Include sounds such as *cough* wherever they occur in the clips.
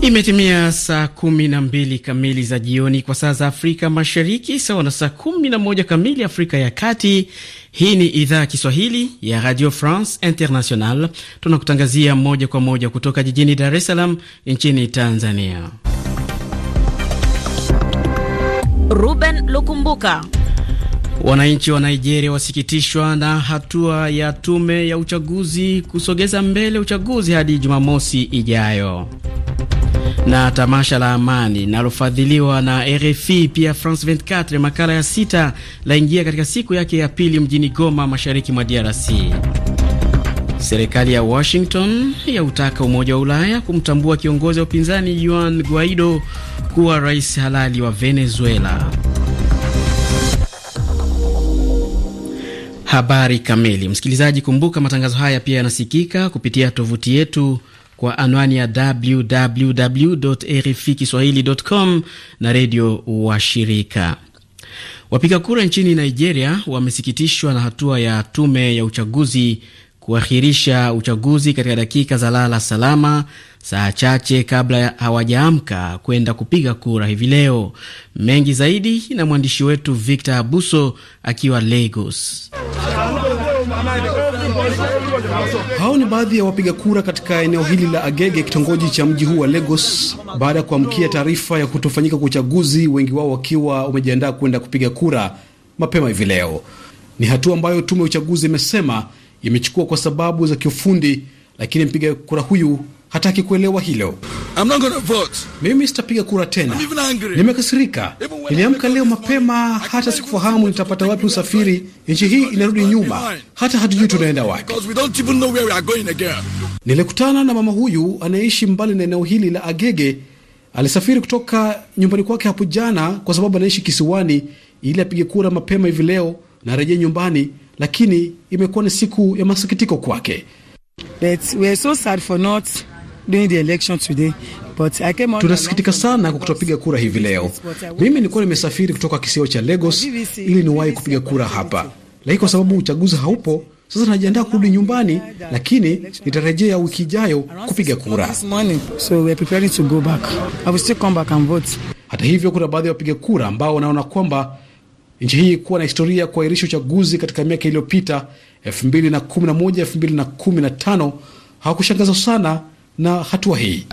Imetimia saa kumi na mbili kamili za jioni kwa saa za Afrika Mashariki, sawa na saa kumi na moja kamili Afrika ya Kati. Hii ni idhaa ya Kiswahili ya Radio France International, tunakutangazia moja kwa moja kutoka jijini Dar es Salaam nchini Tanzania. Ruben Lukumbuka Wananchi wa Nigeria wasikitishwa na hatua ya tume ya uchaguzi kusogeza mbele uchaguzi hadi Jumamosi ijayo. Na tamasha la amani linalofadhiliwa na RFI pia France 24 makala ya sita laingia katika siku yake ya pili mjini Goma, mashariki mwa DRC. Serikali ya Washington yautaka Umoja wa Ulaya kumtambua kiongozi wa upinzani Juan Guaido kuwa rais halali wa Venezuela. habari kamili. Msikilizaji, kumbuka matangazo haya pia yanasikika kupitia tovuti yetu kwa anwani ya www RFI kiswahilicom na redio wa shirika Wapiga kura nchini Nigeria wamesikitishwa na hatua ya tume ya uchaguzi kuahirisha uchaguzi katika dakika za lala salama saa chache kabla hawajaamka kwenda kupiga kura hivi leo. Mengi zaidi na mwandishi wetu Victor Abuso akiwa Lagos. Hao ni baadhi ya wapiga kura katika eneo hili la Agege, kitongoji cha mji huu wa Lagos, baada ya kuamkia taarifa ya kutofanyika kwa uchaguzi, wengi wao wakiwa wamejiandaa kwenda kupiga kura mapema hivi leo. Ni hatua ambayo tume ya uchaguzi imesema imechukua kwa sababu za kiufundi lakini mpiga kura huyu hataki kuelewa hilo. I'm not gonna vote. Mimi sitapiga kura tena, nimekasirika. Niliamka leo mapema, hata sikufahamu nitapata wapi usafiri. Nchi hii inarudi nyuma, hata hatujui tunaenda wapi. Nilikutana na mama huyu anayeishi mbali na eneo hili la Agege. Alisafiri kutoka nyumbani kwake hapo jana, kwa sababu anaishi kisiwani, ili apige kura mapema hivi leo na arejee nyumbani, lakini imekuwa ni siku ya masikitiko kwake. Tunasikitika sana kwa kutopiga kura hivi leo. Mimi nilikuwa nimesafiri kutoka kisiwa cha Lagos ili niwahi kupiga kura hapa, lakini kwa sababu uchaguzi haupo sasa najiandaa kurudi nyumbani, lakini nitarejea wiki ijayo kupiga kura. Hata hivyo, kuna baadhi ya wapiga kura ambao wanaona kwamba nchi hii kuwa na historia ya kuahirisha uchaguzi katika miaka iliyopita 2011 2015 sana na hatua hii.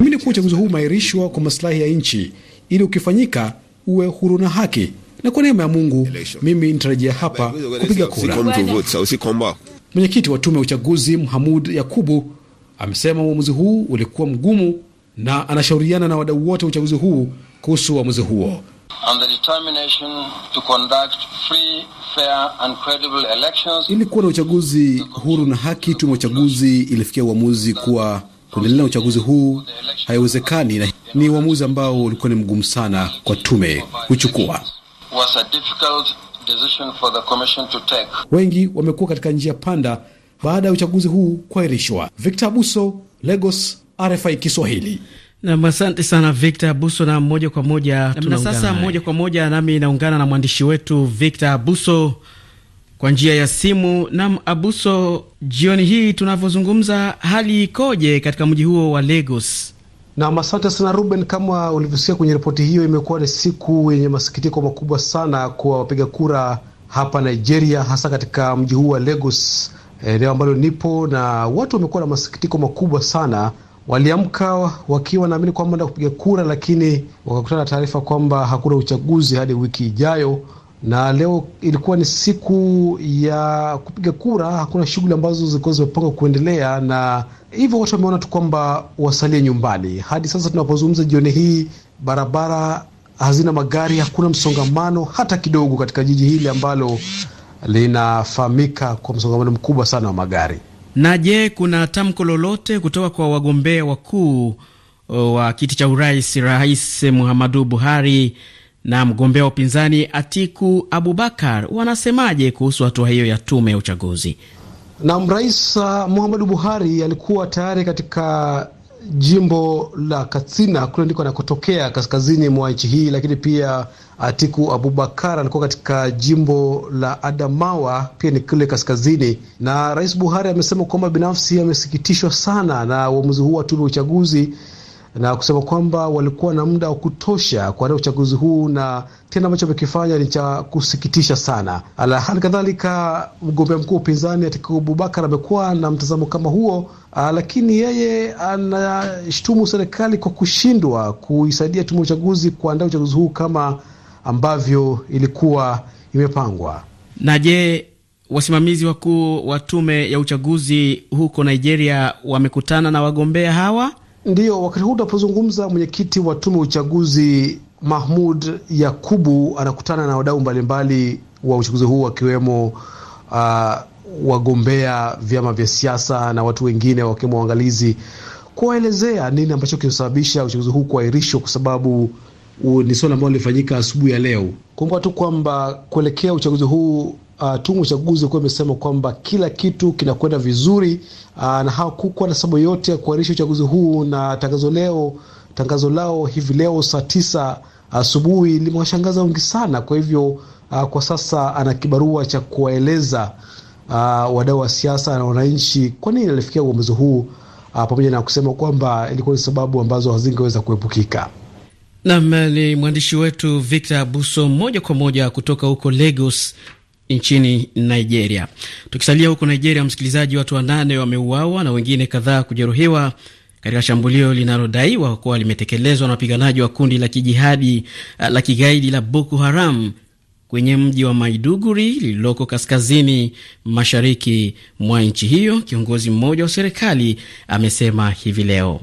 Mimi kuwa uchaguzi huu umeahirishwa kwa masilahi ya nchi, ili ukifanyika uwe huru na haki, na kwa neema ya Mungu election. Mimi nitarajia hapa kupiga kura. Mwenyekiti wa tume ya uchaguzi Mhamud Yakubu amesema uamuzi huu ulikuwa mgumu na anashauriana na wadau wote wa uchaguzi huu kuhusu uamuzi huo. Ili kuwa na uchaguzi huru na haki, tume uchaguzi ilifikia uamuzi kuwa kuendelea na uchaguzi huu haiwezekani, na ni uamuzi ambao ulikuwa ni mgumu sana kwa tume kuchukua. Wengi wamekuwa katika njia panda baada ya uchaguzi huu kuahirishwa. Victor Abuso, Lagos, RFI Kiswahili. Nam, asante sana Victor Buso. Na moja kwa moja na sasa, moja kwa moja nami naungana na mwandishi wetu Victor Abuso kwa njia ya simu. Nam Abuso, jioni hii tunavyozungumza, hali ikoje katika mji huo wa Lagos? Nam, asante sana Ruben. Kama ulivyosikia kwenye ripoti hiyo, imekuwa ni siku yenye masikitiko makubwa sana kwa wapiga kura hapa Nigeria, hasa katika mji huu wa Lagos, eneo ambalo nipo, na watu wamekuwa na masikitiko makubwa sana Waliamka wakiwa naamini kwamba wenda kupiga kura, lakini wakakutana na taarifa kwamba hakuna uchaguzi hadi wiki ijayo. Na leo ilikuwa ni siku ya kupiga kura, hakuna shughuli ambazo zilikuwa zimepangwa kuendelea, na hivyo watu wameona tu kwamba wasalie nyumbani. Hadi sasa tunapozungumza jioni hii, barabara hazina magari, hakuna msongamano hata kidogo katika jiji hili ambalo linafahamika kwa msongamano mkubwa sana wa magari. Na je, kuna tamko lolote kutoka kwa wagombea wakuu uh, wa kiti cha urais, Rais Muhammadu Buhari na mgombea wa upinzani Atiku Abubakar? Wanasemaje kuhusu hatua hiyo ya tume ya uchaguzi? Naam, Rais uh, Muhammadu Buhari alikuwa tayari katika jimbo la Katsina kule ndiko anakotokea kaskazini mwa nchi hii, lakini pia Atiku Abubakar alikuwa katika jimbo la Adamawa, pia ni kule kaskazini. Na Rais Buhari amesema kwamba binafsi amesikitishwa sana na uamuzi huu wa tume ya uchaguzi na kusema kwamba walikuwa na muda wa kutosha kuandaa uchaguzi huu na tena ambacho amekifanya ni cha kusikitisha sana. Hali kadhalika mgombea mkuu wa upinzani Atiku Abubakar amekuwa na mtazamo kama huo, Aa, lakini yeye anashtumu serikali kwa kushindwa kuisaidia tume ya uchaguzi kuandaa uchaguzi huu kama ambavyo ilikuwa imepangwa. Na je, wasimamizi wakuu wa tume ya uchaguzi huko Nigeria wamekutana na wagombea hawa? Ndiyo, wakati huu tunapozungumza, mwenyekiti wa tume ya uchaguzi Mahmud Yakubu anakutana na wadau mbalimbali wa uchaguzi huu wakiwemo uh, ah, wagombea, vyama vya siasa na watu wengine, wakiwemo waangalizi, kuwaelezea nini ambacho kimesababisha uchaguzi huu kuahirishwa, kwa sababu ni swala ambalo lilifanyika asubuhi ya leo. Kumbuka tu kwamba kuelekea uchaguzi huu Uh, tume uchaguzi ulikuwa imesema kwamba kila kitu kinakwenda vizuri uh, na hakukuwa na sababu yote ya kuahirisha uchaguzi huu, na tangazo leo tangazo lao hivi leo saa tisa asubuhi uh, limewashangaza wengi sana. Kwa hivyo uh, kwa sasa ana kibarua cha kuwaeleza uh, wadau wa siasa na wananchi kwa nini alifikia uamuzi huu uh, pamoja na kusema kwamba ilikuwa ni sababu ambazo hazingeweza kuepukika. Nam ni mwandishi wetu Victor Abuso moja kwa moja kutoka huko Lagos nchini Nigeria. Tukisalia huko Nigeria, msikilizaji, watu wanane wameuawa na wengine kadhaa kujeruhiwa katika shambulio linalodaiwa kuwa limetekelezwa na wapiganaji wa kundi la kijihadi eh, la kigaidi la Boko Haram kwenye mji wa Maiduguri lililoko kaskazini mashariki mwa nchi hiyo. Kiongozi mmoja wa serikali amesema hivi leo.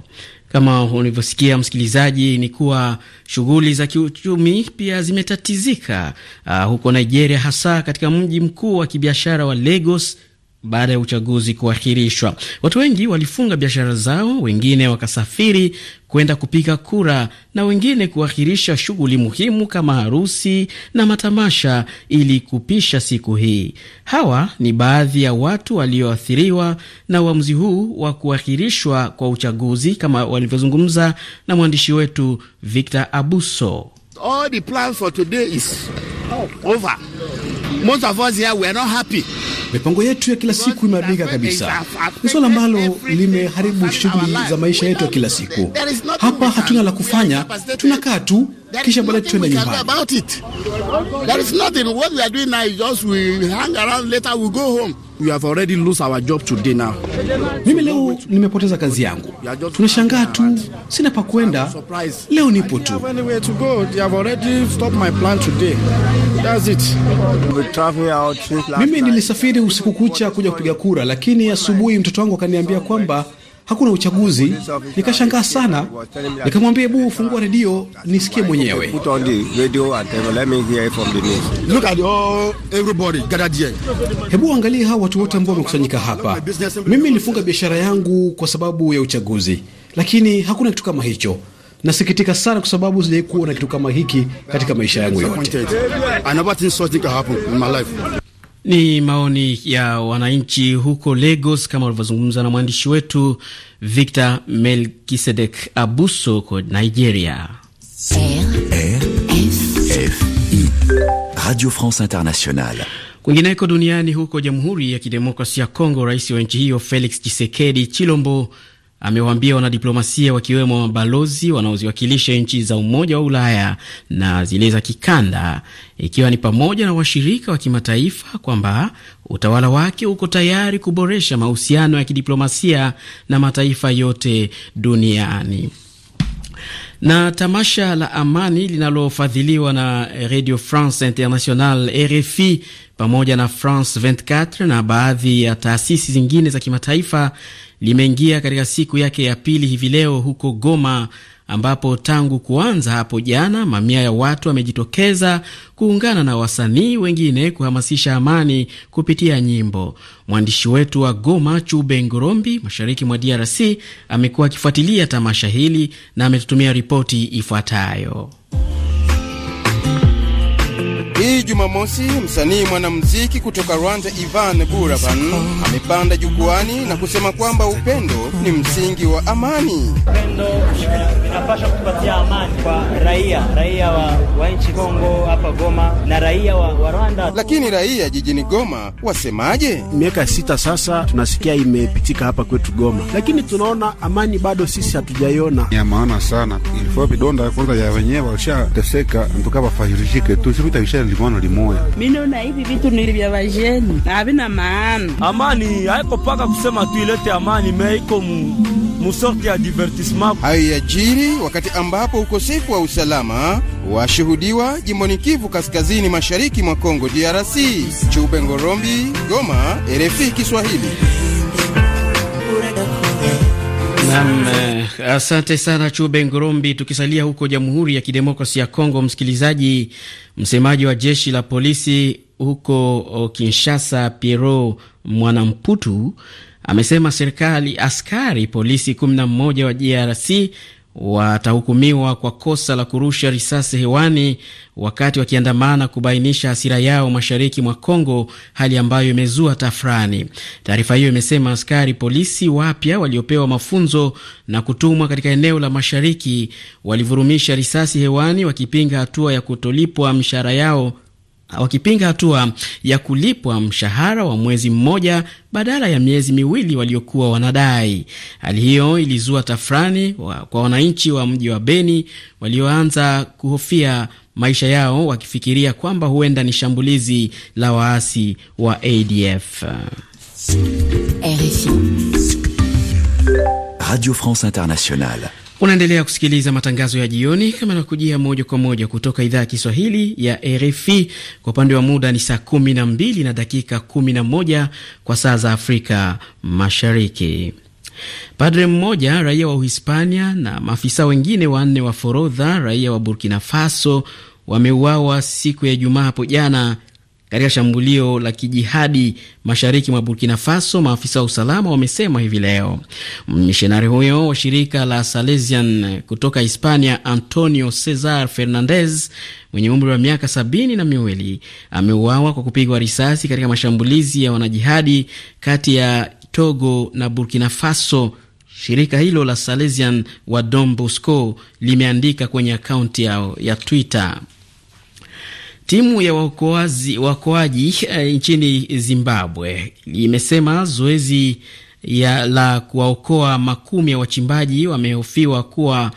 Kama ulivyosikia msikilizaji, ni kuwa shughuli za kiuchumi pia zimetatizika uh, huko Nigeria, hasa katika mji mkuu wa kibiashara wa Lagos baada ya uchaguzi kuahirishwa. Watu wengi walifunga biashara zao, wengine wakasafiri kwenda kupiga kura na wengine kuahirisha shughuli muhimu kama harusi na matamasha ili kupisha siku hii. Hawa ni baadhi ya watu walioathiriwa na uamuzi huu wa kuahirishwa kwa uchaguzi, kama walivyozungumza na mwandishi wetu Victor Abuso. All the for today is over. Most of us here we are not happy. Mipango yetu ya kila siku imeharibika kabisa. Ni swala ambalo limeharibu shughuli za maisha yetu ya kila siku. Hapa hatuna la kufanya, tunakaa tu kisha baadaye tuende nyumbani. There is nothing. What we are doing now is just we hang around later we go home. We have already lost our job today now. Mimi leo nimepoteza kazi yangu. Tunashangaa tu, sina pa kwenda. Leo nipo tu. Mimi nilisafiri usiku kucha kuja kupiga kura, lakini asubuhi mtoto wangu akaniambia kwamba hakuna uchaguzi. Nikashangaa sana, nikamwambia hebu fungua redio nisikie mwenyewe. Hebu angalie hawa watu wote ambao wamekusanyika hapa. Mimi nilifunga biashara yangu kwa sababu ya uchaguzi, lakini hakuna kitu kama hicho. Nasikitika sana kwa sababu sijawahi kuona kitu kama hiki katika maisha yangu yote. Ni maoni ya wananchi huko Lagos, kama walivyozungumza na mwandishi wetu Victor Melkisedek Abuso huko Nigeria. RFI, Radio France Internationale. Kwingineko duniani, huko Jamhuri ya Kidemokrasia ya Kongo, rais wa nchi hiyo Felix Tshisekedi Chilombo amewaambia wanadiplomasia wakiwemo mabalozi wanaoziwakilisha nchi za Umoja wa Ulaya na zile za kikanda, ikiwa ni pamoja na washirika wa kimataifa kwamba utawala wake uko tayari kuboresha mahusiano ya kidiplomasia na mataifa yote duniani na tamasha la amani linalofadhiliwa na Radio France International RFI pamoja na France 24 na baadhi ya taasisi zingine za kimataifa limeingia katika siku yake ya pili hivi leo huko Goma, ambapo tangu kuanza hapo jana mamia ya watu wamejitokeza kuungana na wasanii wengine kuhamasisha amani kupitia nyimbo. Mwandishi wetu wa Goma, Chube Ngorombi, mashariki mwa DRC, amekuwa akifuatilia tamasha hili na ametutumia ripoti ifuatayo. Hii Jumamosi, msanii mwanamuziki kutoka Rwanda Ivan Buravan amepanda jukwani na kusema kwamba upendo ni msingi wa amani. Upendo eh, inapaswa kutupatia amani kwa raia, raia wa, wa nchi Kongo hapa Goma na raia wa, wa Rwanda. Lakini raia jijini Goma wasemaje? Miaka sita sasa tunasikia imepitika hapa kwetu Goma, lakini tunaona amani bado sisi hatujaiona. Ya maana sana ilifua vidonda kwanza ya wenyewe walishateseka, ntuka wafahirijike tu sivita visha livano limoya. Mimi naona hivi vitu ni vya vajeni na havina maana. Amani haiko paka kusema tu ilete amani, meiko musorti ya divertissement. Hayo yajiri wakati ambapo ukosefu wa usalama washuhudiwa jimboni Kivu kaskazini mashariki mwa Kongo DRC. Chube Ngorombi, Goma, RFI Kiswahili. Nam, eh, asante sana Chube Ngorombi. Tukisalia huko Jamhuri ya Kidemokrasi ya Kongo, msikilizaji, msemaji wa jeshi la polisi huko oh, Kinshasa, Piero Mwanamputu amesema serikali askari polisi 11 wa DRC watahukumiwa kwa kosa la kurusha risasi hewani wakati wakiandamana kubainisha hasira yao mashariki mwa Kongo, hali ambayo imezua tafrani. Taarifa hiyo imesema askari polisi wapya waliopewa mafunzo na kutumwa katika eneo la mashariki walivurumisha risasi hewani wakipinga hatua ya kutolipwa mishahara yao wakipinga hatua ya kulipwa mshahara wa mwezi mmoja badala ya miezi miwili waliokuwa wanadai. Hali hiyo ilizua tafrani wa, kwa wananchi wa mji wa Beni walioanza kuhofia maisha yao wakifikiria kwamba huenda ni shambulizi la waasi wa ADF. RFI. Radio France Internationale. Unaendelea kusikiliza matangazo ya jioni kama nakujia moja kwa moja kutoka idhaa ya Kiswahili ya RFI. Kwa upande wa muda ni saa kumi na mbili na dakika kumi na moja kwa saa za Afrika Mashariki. Padre mmoja raia wa Uhispania na maafisa wengine wanne wa forodha raia wa Burkina Faso wameuawa siku ya Ijumaa hapo jana katika shambulio la kijihadi mashariki mwa Burkina Faso, maafisa wa usalama wamesema hivi leo. Mishonari huyo wa shirika la Salesian kutoka Hispania, Antonio Cesar Fernandez mwenye umri wa miaka sabini na miwili ameuawa kwa kupigwa risasi katika mashambulizi ya wanajihadi kati ya Togo na Burkina Faso. Shirika hilo la Salesian wa Don Bosco limeandika kwenye akaunti yao ya Twitter. Timu ya waokoaji e, nchini Zimbabwe imesema zoezi ya la kuwaokoa makumi ya wachimbaji wamehofiwa kuwa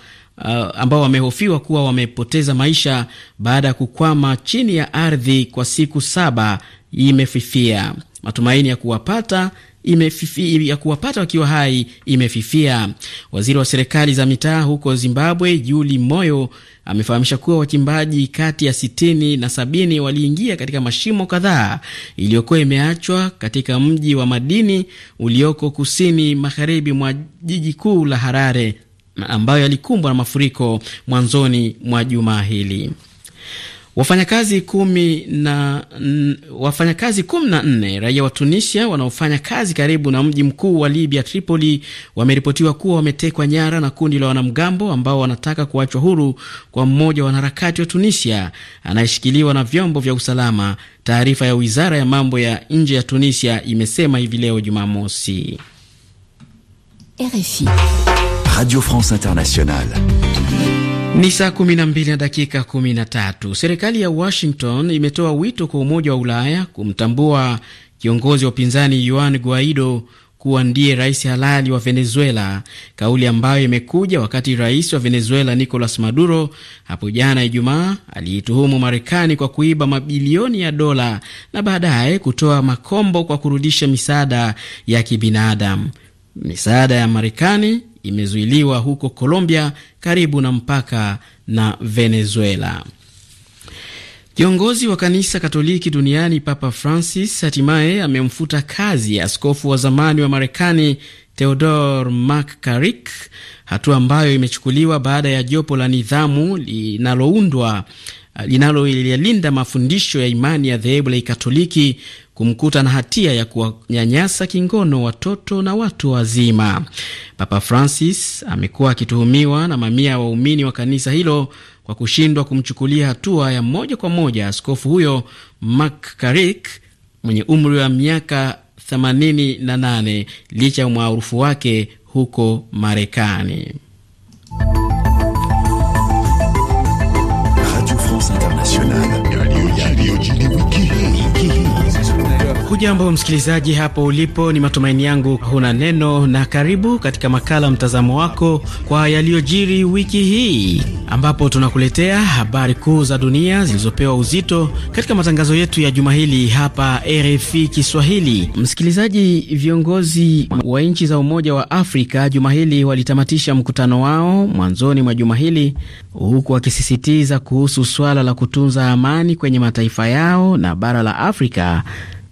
uh, ambao wamehofiwa kuwa wamepoteza maisha baada ya kukwama chini ya ardhi kwa siku saba imefifia. Matumaini ya kuwapata imefifi, ya kuwapata wakiwa hai imefifia. Waziri wa serikali za mitaa huko Zimbabwe, Juli Moyo, amefahamisha kuwa wachimbaji kati ya sitini na sabini waliingia katika mashimo kadhaa iliyokuwa imeachwa katika mji wa madini ulioko kusini magharibi mwa jiji kuu la Harare ambayo yalikumbwa na mafuriko mwanzoni mwa juma hili. Wafanyakazi kumi na wafanyakazi kumi na nne raia wa Tunisia wanaofanya kazi karibu na mji mkuu wa Libya, Tripoli, wameripotiwa kuwa wametekwa nyara na kundi la wanamgambo ambao wanataka kuachwa huru kwa mmoja wa wanaharakati wa Tunisia anayeshikiliwa na vyombo vya usalama. Taarifa ya wizara ya mambo ya nje ya Tunisia imesema hivi leo Jumamosi. RFI Radio France Internationale ni saa 12 na dakika 13. Serikali ya Washington imetoa wito kwa Umoja wa Ulaya kumtambua kiongozi wa upinzani Juan Guaido kuwa ndiye rais halali wa Venezuela, kauli ambayo imekuja wakati rais wa Venezuela Nicolas Maduro hapo jana Ijumaa aliituhumu Marekani kwa kuiba mabilioni ya dola na baadaye kutoa makombo kwa kurudisha misaada ya kibinadamu. Misaada ya Marekani imezuiliwa huko Colombia karibu na mpaka na Venezuela. Kiongozi wa kanisa Katoliki duniani Papa Francis hatimaye amemfuta kazi ya askofu wa zamani wa Marekani Theodore McCarrick, hatua ambayo imechukuliwa baada ya jopo la nidhamu linaloundwa linaloyalinda mafundisho ya imani ya dhehebu la Kikatoliki kumkuta na hatia ya kuwanyanyasa kingono watoto na watu wazima. Papa Francis amekuwa akituhumiwa na mamia ya waumini wa kanisa hilo kwa kushindwa kumchukulia hatua ya moja kwa moja askofu huyo Mark Carrick mwenye umri wa miaka 88 licha ya umaarufu wake huko Marekani. Radio France Internationale. Hujambo msikilizaji hapo ulipo, ni matumaini yangu huna neno, na karibu katika makala mtazamo wako kwa yaliyojiri wiki hii, ambapo tunakuletea habari kuu za dunia zilizopewa uzito katika matangazo yetu ya juma hili hapa RFI Kiswahili. Msikilizaji, viongozi wa nchi za Umoja wa Afrika juma hili walitamatisha mkutano wao mwanzoni mwa juma hili, huku wakisisitiza kuhusu swala la kutunza amani kwenye mataifa yao na bara la Afrika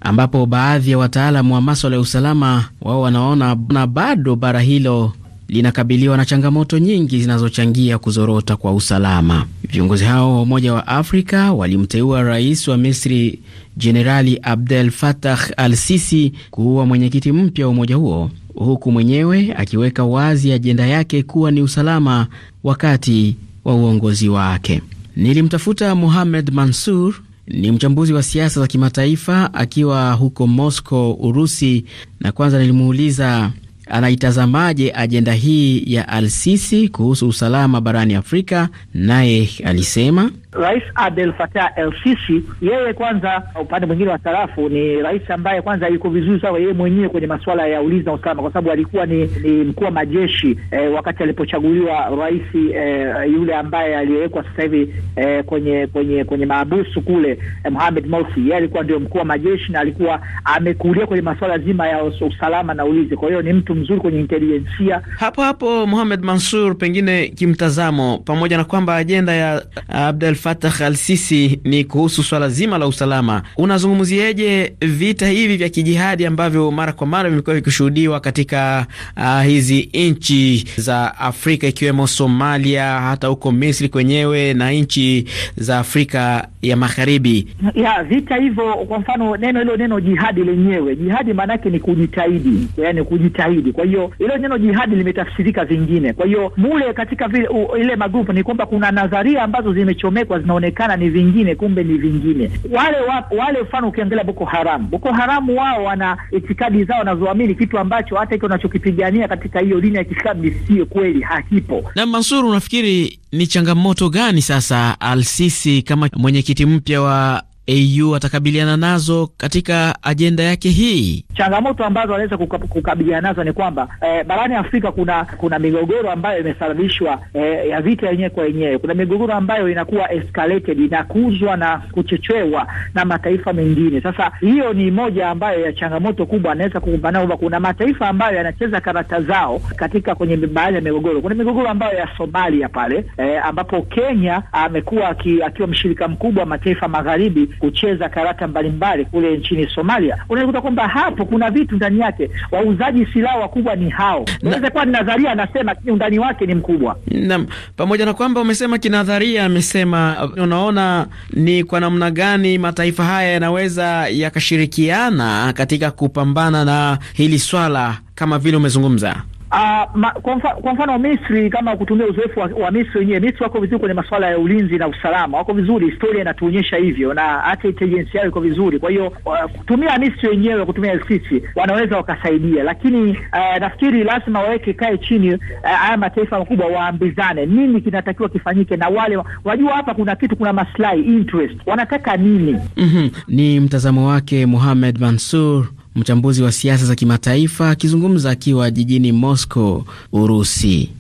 ambapo baadhi ya wataalamu wa maswala ya usalama wao wanaona na bado bara hilo linakabiliwa na changamoto nyingi zinazochangia kuzorota kwa usalama. Viongozi hao wa Umoja wa Afrika walimteua rais wa Misri Jenerali Abdel Fattah al-Sisi kuwa mwenyekiti mpya wa umoja huo, huku mwenyewe akiweka wazi ajenda yake kuwa ni usalama wakati wa uongozi wake. Nilimtafuta Mohamed Mansur ni mchambuzi wa siasa za kimataifa akiwa huko Moscow, Urusi, na kwanza nilimuuliza anaitazamaje ajenda hii ya Al-Sisi kuhusu usalama barani Afrika, naye alisema Rais Abdel Fattah El Sisi, yeye kwanza, upande mwingine wa sarafu, ni rais ambaye kwanza yuko vizuri sawa yeye mwenyewe kwenye masuala ya ulinzi na usalama, kwa sababu alikuwa ni, ni mkuu wa majeshi eh, wakati alipochaguliwa rais eh, yule ambaye aliyewekwa sasa hivi eh, kwenye kwenye kwenye maabusu kule eh, Mohamed Morsi, yeye alikuwa ndio mkuu wa majeshi na alikuwa amekulia kwenye masuala zima ya usalama na ulinzi. Kwa hiyo ni mtu mzuri kwenye intelijensia. Hapo hapo Mohamed Mansour, pengine kimtazamo, pamoja na kwamba ajenda ya Abdel Fatah Al Sisi ni kuhusu swala zima la usalama. Unazungumzieje vita hivi vya kijihadi ambavyo mara kwa mara vimekuwa vikishuhudiwa katika uh, hizi nchi za Afrika ikiwemo Somalia, hata huko Misri kwenyewe na nchi za Afrika ya Magharibi? Ya vita hivyo, kwa mfano neno hilo neno jihadi lenyewe, jihadi maana yake ni kujitahidi, yani kujitahidi. Kwa hiyo hilo neno jihadi limetafsirika vingine. Kwa hiyo mule katika vile u, ile magrupu ni kwamba kuna nadharia ambazo zimechomekwa zilikuwa zinaonekana ni vingine, kumbe ni vingine. Wale wale mfano ukiangalia Boko Haram, Boko Haramu wao wana itikadi zao wanazoamini, kitu ambacho hata hiki unachokipigania katika hiyo dini ya Kiislamu sio kweli, hakipo. Na Mansuru, unafikiri ni changamoto gani sasa Alsisi kama mwenyekiti mpya wa AU atakabiliana nazo katika ajenda yake hii? Changamoto ambazo anaweza kukabiliana nazo ni kwamba eh, barani Afrika kuna kuna migogoro ambayo imesababishwa eh, ya vita yenyewe kwa yenyewe. Kuna migogoro ambayo inakuwa escalated, inakuzwa na kuchochewa na mataifa mengine. Sasa hiyo ni moja ambayo ya changamoto kubwa anaweza kukumbana kuna mataifa ambayo yanacheza karata zao katika kwenye baadhi ya migogoro. Kuna migogoro ambayo ya Somalia pale eh, ambapo Kenya amekuwa akiwa mshirika mkubwa wa mataifa magharibi kucheza karata mbalimbali kule nchini Somalia, unakuta kwamba hapo kuna vitu ndani yake. Wauzaji silaha wakubwa ni hao. Inaweza kuwa ni nadharia anasema, lakini undani wake ni mkubwa. Naam, pamoja na kwamba umesema kinadharia, amesema unaona ni kwa namna gani mataifa haya yanaweza yakashirikiana katika kupambana na hili swala kama vile umezungumza. Uh, ma, kwa, mfa, kwa mfano Misri, kama kutumia uzoefu wa, wa Misri wenyewe, Misri wako vizuri kwenye masuala ya ulinzi na usalama, wako vizuri, historia inatuonyesha hivyo, na hata intelligence yao iko vizuri. Kwa hiyo uh, kutumia Misri wenyewe, kutumia sisi wanaweza wakasaidia, lakini uh, nafikiri lazima waweke kae chini uh, mataifa makubwa waambizane nini kinatakiwa kifanyike, na wale wajua hapa kuna kitu, kuna maslahi interest, wanataka nini? mm -hmm. Ni mtazamo wake Mohamed Mansour mchambuzi wa siasa za kimataifa akizungumza akiwa jijini Moscow, Urusi.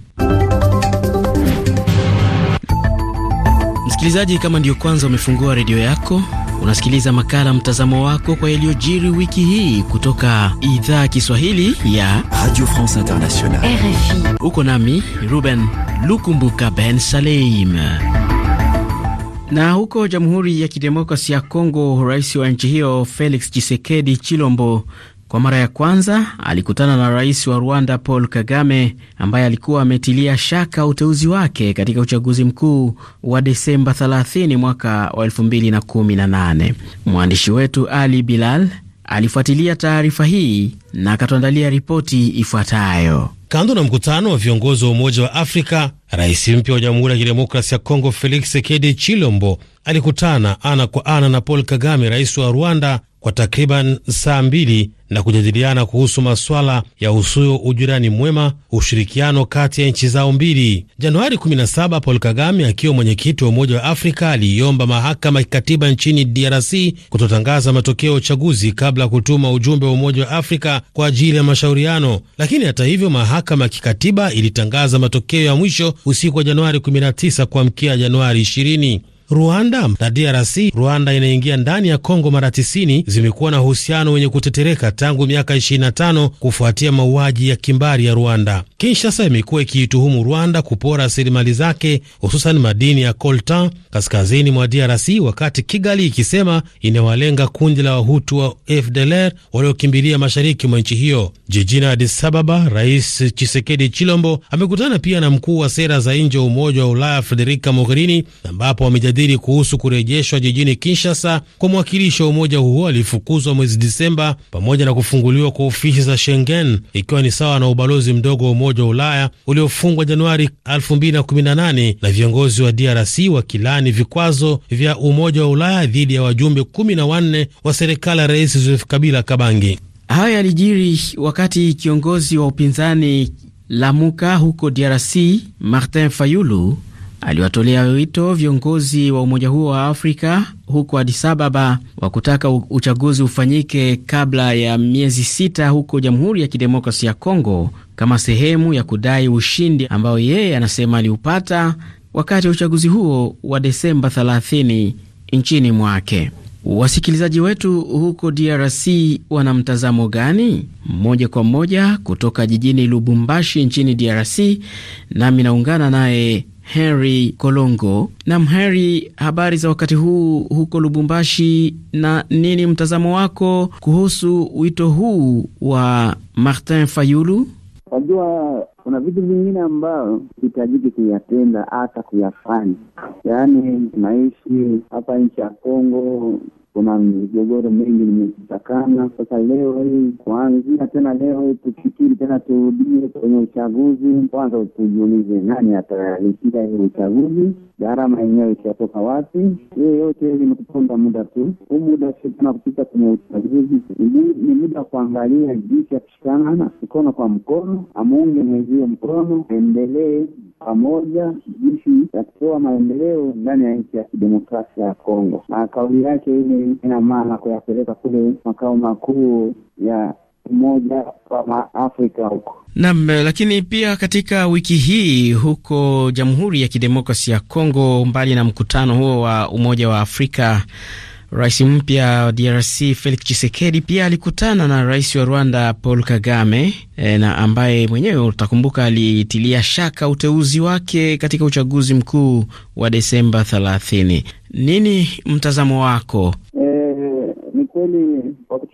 Msikilizaji, kama ndiyo kwanza umefungua redio yako, unasikiliza makala mtazamo wako kwa yaliyojiri wiki hii kutoka idhaa ya Kiswahili ya Radio France Internationale, RFI. Uko nami Ruben Lukumbuka Ben Saleim. Na huko Jamhuri ya Kidemokrasi ya Kongo, rais wa nchi hiyo Felix chisekedi Chilombo kwa mara ya kwanza alikutana na rais wa Rwanda Paul Kagame ambaye alikuwa ametilia shaka uteuzi wake katika uchaguzi mkuu wa Desemba 30 mwaka wa 2018. Mwandishi wetu Ali Bilal alifuatilia taarifa hii na akatuandalia ripoti ifuatayo. Kando na mkutano wa viongozi wa Umoja wa Afrika, rais mpya wa Jamhuri ya Kidemokrasi ya Kongo Felix Sekedi Chilombo alikutana ana kwa ana na Paul Kagame, rais wa Rwanda, kwa takriban saa mbili na kujadiliana kuhusu masuala ya usuyo, ujirani mwema, ushirikiano kati ya nchi zao mbili. Januari 17, Paul Kagame akiwa mwenyekiti wa Umoja wa Afrika aliiomba mahakama ya kikatiba nchini DRC kutotangaza matokeo ya uchaguzi kabla ya kutuma ujumbe wa Umoja wa Afrika kwa ajili ya mashauriano. Lakini hata hivyo, mahakama ya kikatiba ilitangaza matokeo ya mwisho usiku wa Januari 19 kuamkia Januari 20. Rwanda na DRC. Rwanda inaingia ndani ya Kongo mara 90, zimekuwa na uhusiano wenye kutetereka tangu miaka 25 kufuatia mauaji ya kimbari ya Rwanda. Kinshasa imekuwa ikiituhumu Rwanda kupora rasilimali zake, hususan madini ya coltan kaskazini mwa DRC, wakati Kigali ikisema inawalenga kundi la Wahutu wa FDLR waliokimbilia mashariki mwa nchi hiyo. Jijini Addis Ababa, Rais Chisekedi Chilombo amekutana pia na mkuu wa sera za nje wa Umoja wa Ulaya Frederica Mogherini ambapo wameja yamejadili kuhusu kurejeshwa jijini Kinshasa kwa mwakilishi wa umoja huo alifukuzwa mwezi Disemba, pamoja na kufunguliwa kwa ofisi za Schengen, ikiwa ni sawa na ubalozi mdogo wa Umoja wa Ulaya uliofungwa Januari 2018 na viongozi wa DRC wakilani vikwazo vya Umoja wa Ulaya dhidi ya wajumbe 14 wa serikali ya Rais Joseph Kabila Kabangi. Hayo yalijiri wakati kiongozi wa upinzani Lamuka huko DRC Martin Fayulu aliwatolea wito viongozi wa umoja huo wa Afrika huko Addis Ababa wa kutaka uchaguzi ufanyike kabla ya miezi sita huko Jamhuri ya Kidemokrasi ya Kongo kama sehemu ya kudai ushindi ambao yeye anasema aliupata wakati wa uchaguzi huo wa Desemba 30 nchini mwake. Wasikilizaji wetu huko DRC wana mtazamo gani? Moja kwa moja kutoka jijini Lubumbashi nchini DRC, nami naungana naye Henry Kolongo. Nam Henry, habari za wakati huu huko Lubumbashi, na nini mtazamo wako kuhusu wito huu wa Martin Fayulu? Wajua, kuna vitu vingine ambayo hitajiki kuyatenda hata kuyafanya, yaani tunaishi hapa nchi ya Kongo kuna migogoro mingi imetakana. Sasa leo hii kuanzia tena leo hii tufikiri tena, turudie kwenye uchaguzi kwanza, tujiulize nani atalipia hii uchaguzi, gharama yenyewe itatoka wapi? Hiyo yote hili ni muda tu. Huu muda sitana tena kupita kwenye uchaguzi, ni muda wa kuangalia jinsi ya kushikana mkono kwa mkono, amuunge mwenzio mkono, aendelee pamoja jinsi ya kutoa maendeleo ndani ya nchi ya kidemokrasia ya Kongo, na kauli yake ile ina maana kuyapeleka kule makao makuu ya Umoja wa Maafrika huko nam. Lakini pia katika wiki hii huko Jamhuri ya Kidemokrasia ya Kongo, mbali na mkutano huo wa Umoja wa Afrika Rais mpya wa DRC Felix Tshisekedi pia alikutana na rais wa Rwanda Paul Kagame e, na ambaye mwenyewe utakumbuka alitilia shaka uteuzi wake katika uchaguzi mkuu wa Desemba 30. Nini mtazamo wako? E, ni kweli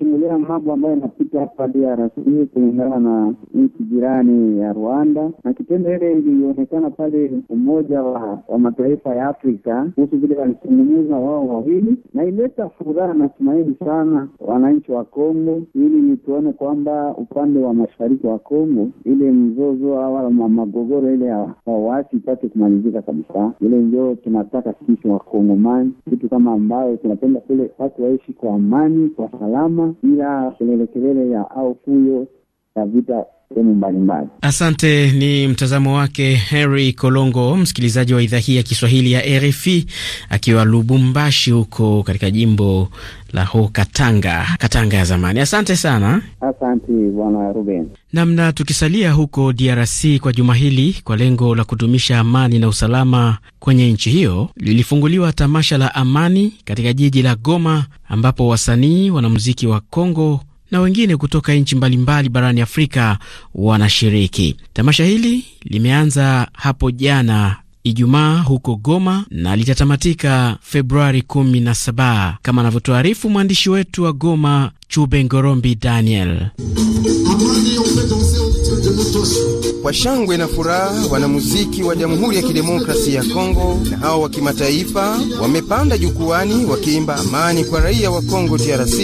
kusimulia mambo ambayo yanapita hapa DRC kulingana na nchi jirani ya Rwanda, na kitendo ile ilionekana pale Umoja wa, wa Mataifa ya Afrika kuhusu vile walizungumza wao wawili, na ileta furaha na tumaini sana wananchi wa Kongo, ili nituone tuone kwamba upande wa mashariki wa Kongo ile mzozo au magogoro ile ya waasi ipate kumalizika kabisa. Ile ndio tunataka sisi Wakongomani, kitu kama ambayo tunapenda kule watu waishi kwa amani, kwa salama bila kelele kelele ya au fujo na vita sehemu mbalimbali. Asante. Ni mtazamo wake Henry Kolongo, msikilizaji wa idhaa hii ya Kiswahili ya RFI akiwa Lubumbashi huko katika jimbo la ho Katanga, Katanga ya zamani. Asante sana. Asante bwana Ruben. Namna tukisalia huko DRC kwa juma hili, kwa lengo la kudumisha amani na usalama kwenye nchi hiyo, lilifunguliwa tamasha la amani katika jiji la Goma, ambapo wasanii wanamuziki wa Kongo na wengine kutoka nchi mbalimbali barani Afrika wanashiriki. Tamasha hili limeanza hapo jana Ijumaa huko Goma na litatamatika Februari 17 kama anavyotuarifu mwandishi wetu wa Goma Chube Ngorombi Daniel hatutoshi. Kwa shangwe na furaha, wanamuziki wa Jamhuri ya Kidemokrasia ya Kongo na hao wa kimataifa wamepanda jukwani wakiimba amani kwa raia wa Kongo DRC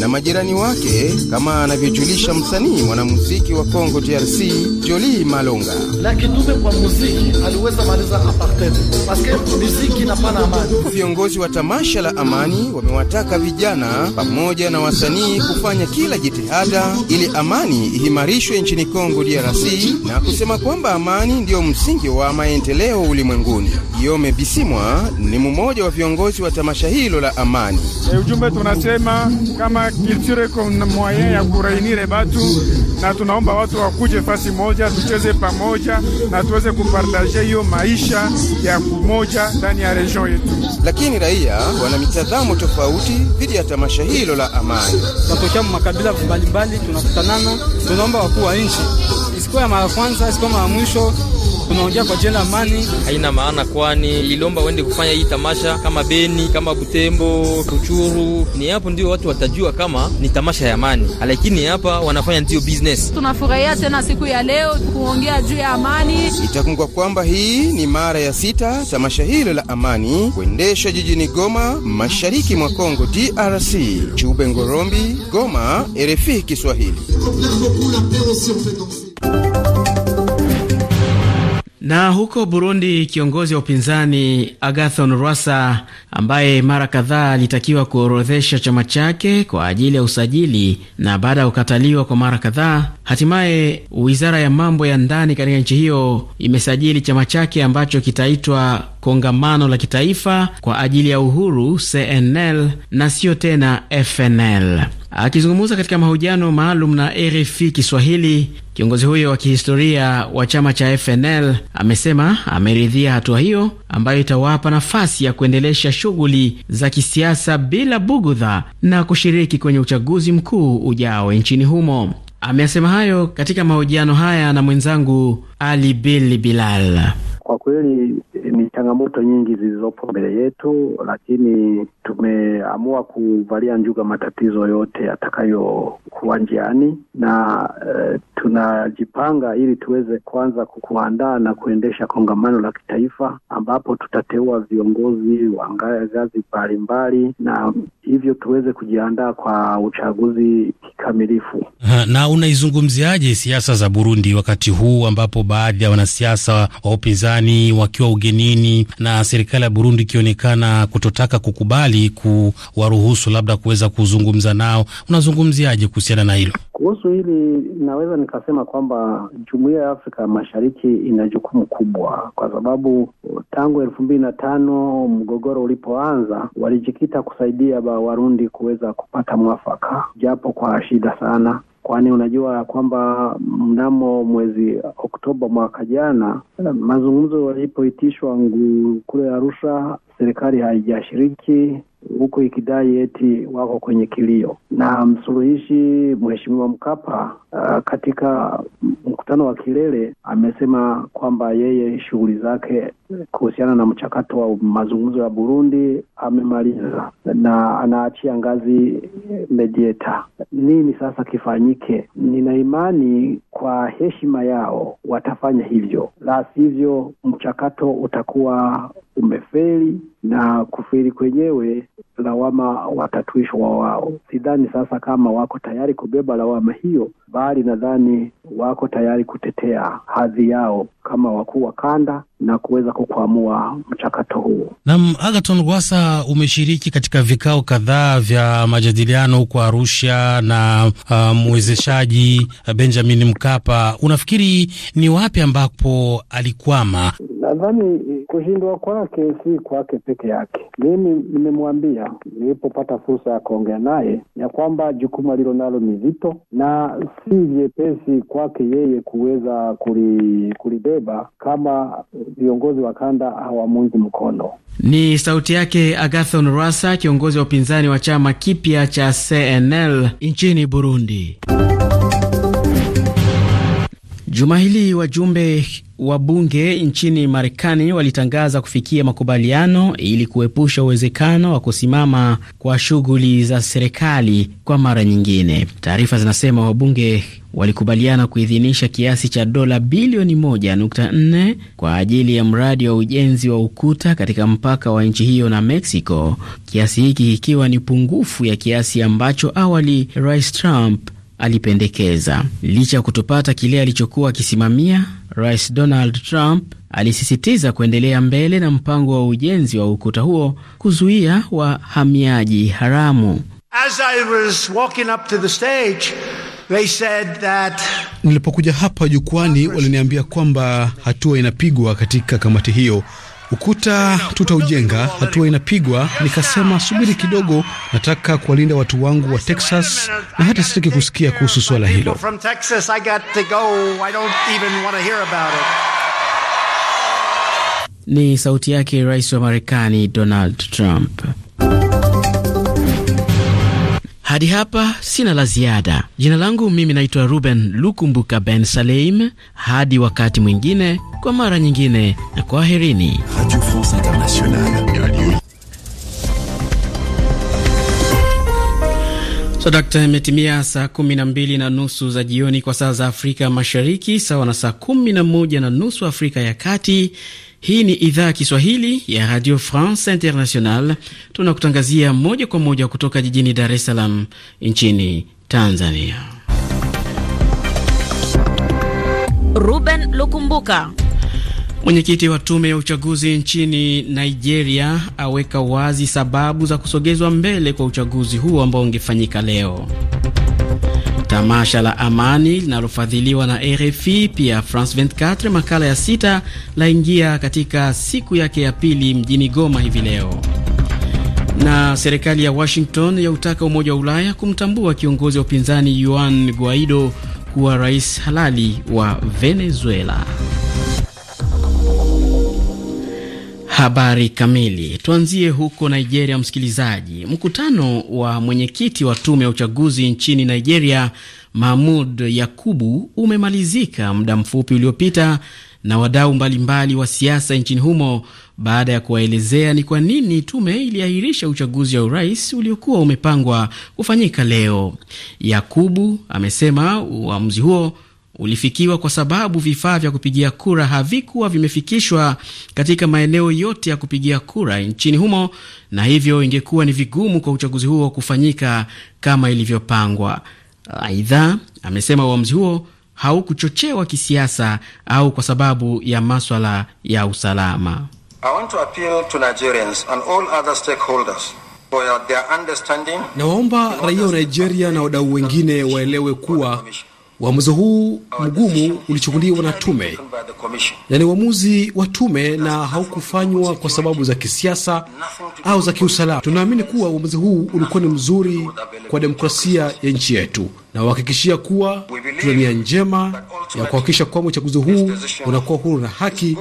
na majirani wake, kama anavyojulisha msanii mwanamuziki wa Kongo DRC Joli Malonga. kwa muziki aliweza maliza apartheid amani. Viongozi wa tamasha la amani wamewataka vijana pamoja na wasanii kufanya kila jitihada ili amani ihimarishwe nchini Kongo DRC DRC na kusema kwamba amani ndiyo msingi wa maendeleo ulimwenguni. Yome Bisimwa ni mmoja wa viongozi wa tamasha hilo la amani. E, ujumbe tunasema kama kilture kuna mwaya ya kurainire batu na tunaomba watu wakuje fasi moja, tucheze pamoja na tuweze kupartaje hiyo maisha ya kumoja ndani ya region yetu. Lakini raia wana mitazamo tofauti dhidi ya tamasha hilo la amani. Tunatokea makabila mbalimbali, tunakutanana, tunaomba wakuu wa nchi Ilikuwa ya mara kwanza, sio mara mwisho. Tunaongea kwa jela amani, haina maana, kwani ilomba wende kufanya hii tamasha kama Beni, kama Butembo, Kuchuru, Ni hapo ndio watu watajua kama ni tamasha ya amani, lakini hapa wanafanya ndio business. Tunafurahia tena siku ya leo kuongea juu ya amani. Itakumbukwa kwamba hii ni mara ya sita tamasha hilo la amani kuendesha jijini Goma, mashariki mwa Kongo DRC. Chube Ngorombi, Goma, RFI Kiswahili. Na huko Burundi, kiongozi wa upinzani Agathon Rwasa, ambaye mara kadhaa alitakiwa kuorodhesha chama chake kwa ajili ya usajili na baada ya kukataliwa kwa mara kadhaa, hatimaye wizara ya mambo ya ndani katika nchi hiyo imesajili chama chake ambacho kitaitwa kongamano la kitaifa kwa ajili ya uhuru CNL na siyo tena FNL. Akizungumza katika mahojiano maalum na RFI Kiswahili, kiongozi huyo wa kihistoria wa chama cha FNL amesema ameridhia hatua hiyo ambayo itawapa nafasi ya kuendelesha shughuli za kisiasa bila bugudha na kushiriki kwenye uchaguzi mkuu ujao nchini humo. ameasema hayo katika mahojiano haya na mwenzangu Ali bil Bilal. Kwa kweli ni changamoto nyingi zilizopo mbele yetu, lakini tumeamua kuvalia njuga matatizo yote yatakayokuwa njiani na e, tunajipanga ili tuweze kuanza kuandaa na kuendesha kongamano la kitaifa ambapo tutateua viongozi wa ngazi mbalimbali na hivyo tuweze kujiandaa kwa uchaguzi kikamilifu. Na unaizungumziaje siasa za Burundi wakati huu ambapo baadhi ya wanasiasa wa upinzani wakiwa ugenini Marekani na serikali ya Burundi ikionekana kutotaka kukubali kuwaruhusu labda kuweza kuzungumza nao. Unazungumziaje kuhusiana na hilo? Kuhusu hili naweza nikasema kwamba jumuiya ya Afrika Mashariki ina jukumu kubwa, kwa sababu tangu elfu mbili na tano mgogoro ulipoanza walijikita kusaidia ba Warundi kuweza kupata mwafaka, japo kwa shida sana kwani unajua kwamba mnamo mwezi Oktoba mwaka jana mazungumzo yalipoitishwa kule Arusha, serikali haijashiriki huku ikidai eti wako kwenye kilio na msuluhishi Mheshimiwa Mkapa uh, katika mkutano wa kilele amesema kwamba yeye shughuli zake kuhusiana na mchakato wa mazungumzo ya Burundi amemaliza na anaachia ngazi medieta. Nini sasa kifanyike? Nina imani kwa heshima yao watafanya hivyo, la sivyo mchakato utakuwa umefeli na kufeli kwenyewe lawama watatuishwa wao. Sidhani sasa kama wako tayari kubeba lawama hiyo, bali nadhani wako tayari kutetea hadhi yao kama wakuu wa kanda na kuweza kuamua mchakato huo. Naam, Agaton Rwasa, umeshiriki katika vikao kadhaa vya majadiliano huko Arusha na uh, mwezeshaji Benjamin Mkapa, unafikiri ni wapi ambapo alikwama? Nadhani eh, kushindwa kwake si kwake peke yake. Mimi nimemwambia nilipopata fursa ya kuongea naye ya kwamba jukumu alilo nalo ni zito na si vyepesi kwake yeye kuweza kulibeba kama viongozi kanda hawamuungi mkono. Ni sauti yake Agathon Rwasa, kiongozi wa upinzani wa chama kipya cha CNL nchini Burundi. Juma hili wajumbe wa bunge nchini Marekani walitangaza kufikia makubaliano ili kuepusha uwezekano wa kusimama kwa shughuli za serikali kwa mara nyingine. Taarifa zinasema wabunge walikubaliana kuidhinisha kiasi cha dola bilioni 1.4 kwa ajili ya mradi wa ujenzi wa ukuta katika mpaka wa nchi hiyo na Mexico, kiasi hiki kikiwa ni pungufu ya kiasi ambacho awali Rais Trump alipendekeza. Licha ya kutopata kile alichokuwa akisimamia, Rais Donald Trump alisisitiza kuendelea mbele na mpango wa ujenzi wa ukuta huo kuzuia wahamiaji haramu. As I was walking up to the stage, they said that... Nilipokuja hapa jukwani, waliniambia kwamba hatua inapigwa katika kamati hiyo Ukuta tutaujenga, hatua inapigwa. Nikasema subiri kidogo, nataka kuwalinda watu wangu wa Texas na hata sitaki kusikia kuhusu swala hilo. Ni sauti yake rais wa Marekani Donald Trump. Hadi hapa sina la ziada. Jina langu mimi naitwa Ruben Lukumbuka Ben Saleim. Hadi wakati mwingine, kwa mara nyingine, na kwaherini. Radio France Internationale. Dakta, imetimia saa kumi na mbili na nusu za jioni kwa saa za Afrika Mashariki, sawa na saa kumi na moja na nusu Afrika ya Kati. Hii ni idhaa ya Kiswahili ya Radio France International. Tunakutangazia moja kwa moja kutoka jijini Dar es Salaam nchini Tanzania. Ruben Lukumbuka. Mwenyekiti wa tume ya uchaguzi nchini Nigeria aweka wazi sababu za kusogezwa mbele kwa uchaguzi huo ambao ungefanyika leo tamasha la amani linalofadhiliwa na RFI pia France 24 makala ya sita laingia katika siku yake ya pili mjini Goma hivi leo. Na serikali ya Washington yautaka Umoja wa Ulaya kumtambua kiongozi wa upinzani Juan Guaido kuwa rais halali wa Venezuela. Habari kamili. Tuanzie huko Nigeria, msikilizaji. Mkutano wa mwenyekiti wa tume ya uchaguzi nchini Nigeria, Mahmud Yakubu, umemalizika muda mfupi uliopita na wadau mbalimbali wa siasa nchini humo baada ya kuwaelezea ni kwa nini tume iliahirisha uchaguzi wa urais uliokuwa umepangwa kufanyika leo. Yakubu amesema uamuzi huo ulifikiwa kwa sababu vifaa vya kupigia kura havikuwa vimefikishwa katika maeneo yote ya kupigia kura nchini humo, na hivyo ingekuwa ni vigumu kwa uchaguzi huo kufanyika kama ilivyopangwa. Aidha, amesema uamuzi huo haukuchochewa kisiasa au kwa sababu ya maswala ya usalama. Nawaomba raia wa Nigeria na wadau wengine waelewe kuwa Uamuzi huu mgumu ulichukuliwa na tume, yaani uamuzi wa tume, na haukufanywa kwa sababu za kisiasa au za kiusalama. Tunaamini kuwa uamuzi huu ulikuwa ni mzuri kwa demokrasia ya nchi yetu, na uhakikishia kuwa tuna nia njema ya kuhakikisha kwamba uchaguzi huu unakuwa huru na haki,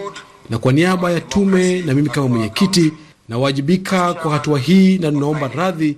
na kwa niaba ya tume na mimi kama mwenyekiti nawajibika kwa hatua hii, na tunaomba radhi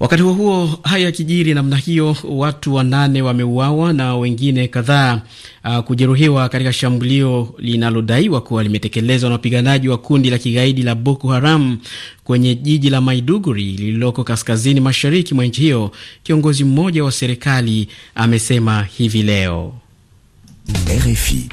Wakati huo huo, haya yakijiri namna hiyo, watu wanane wameuawa na wengine kadhaa uh, kujeruhiwa katika shambulio linalodaiwa kuwa limetekelezwa na wapiganaji wa kundi la kigaidi la Boko Haram kwenye jiji la Maiduguri lililoko kaskazini mashariki mwa nchi hiyo. Kiongozi mmoja wa serikali amesema hivi leo RFI.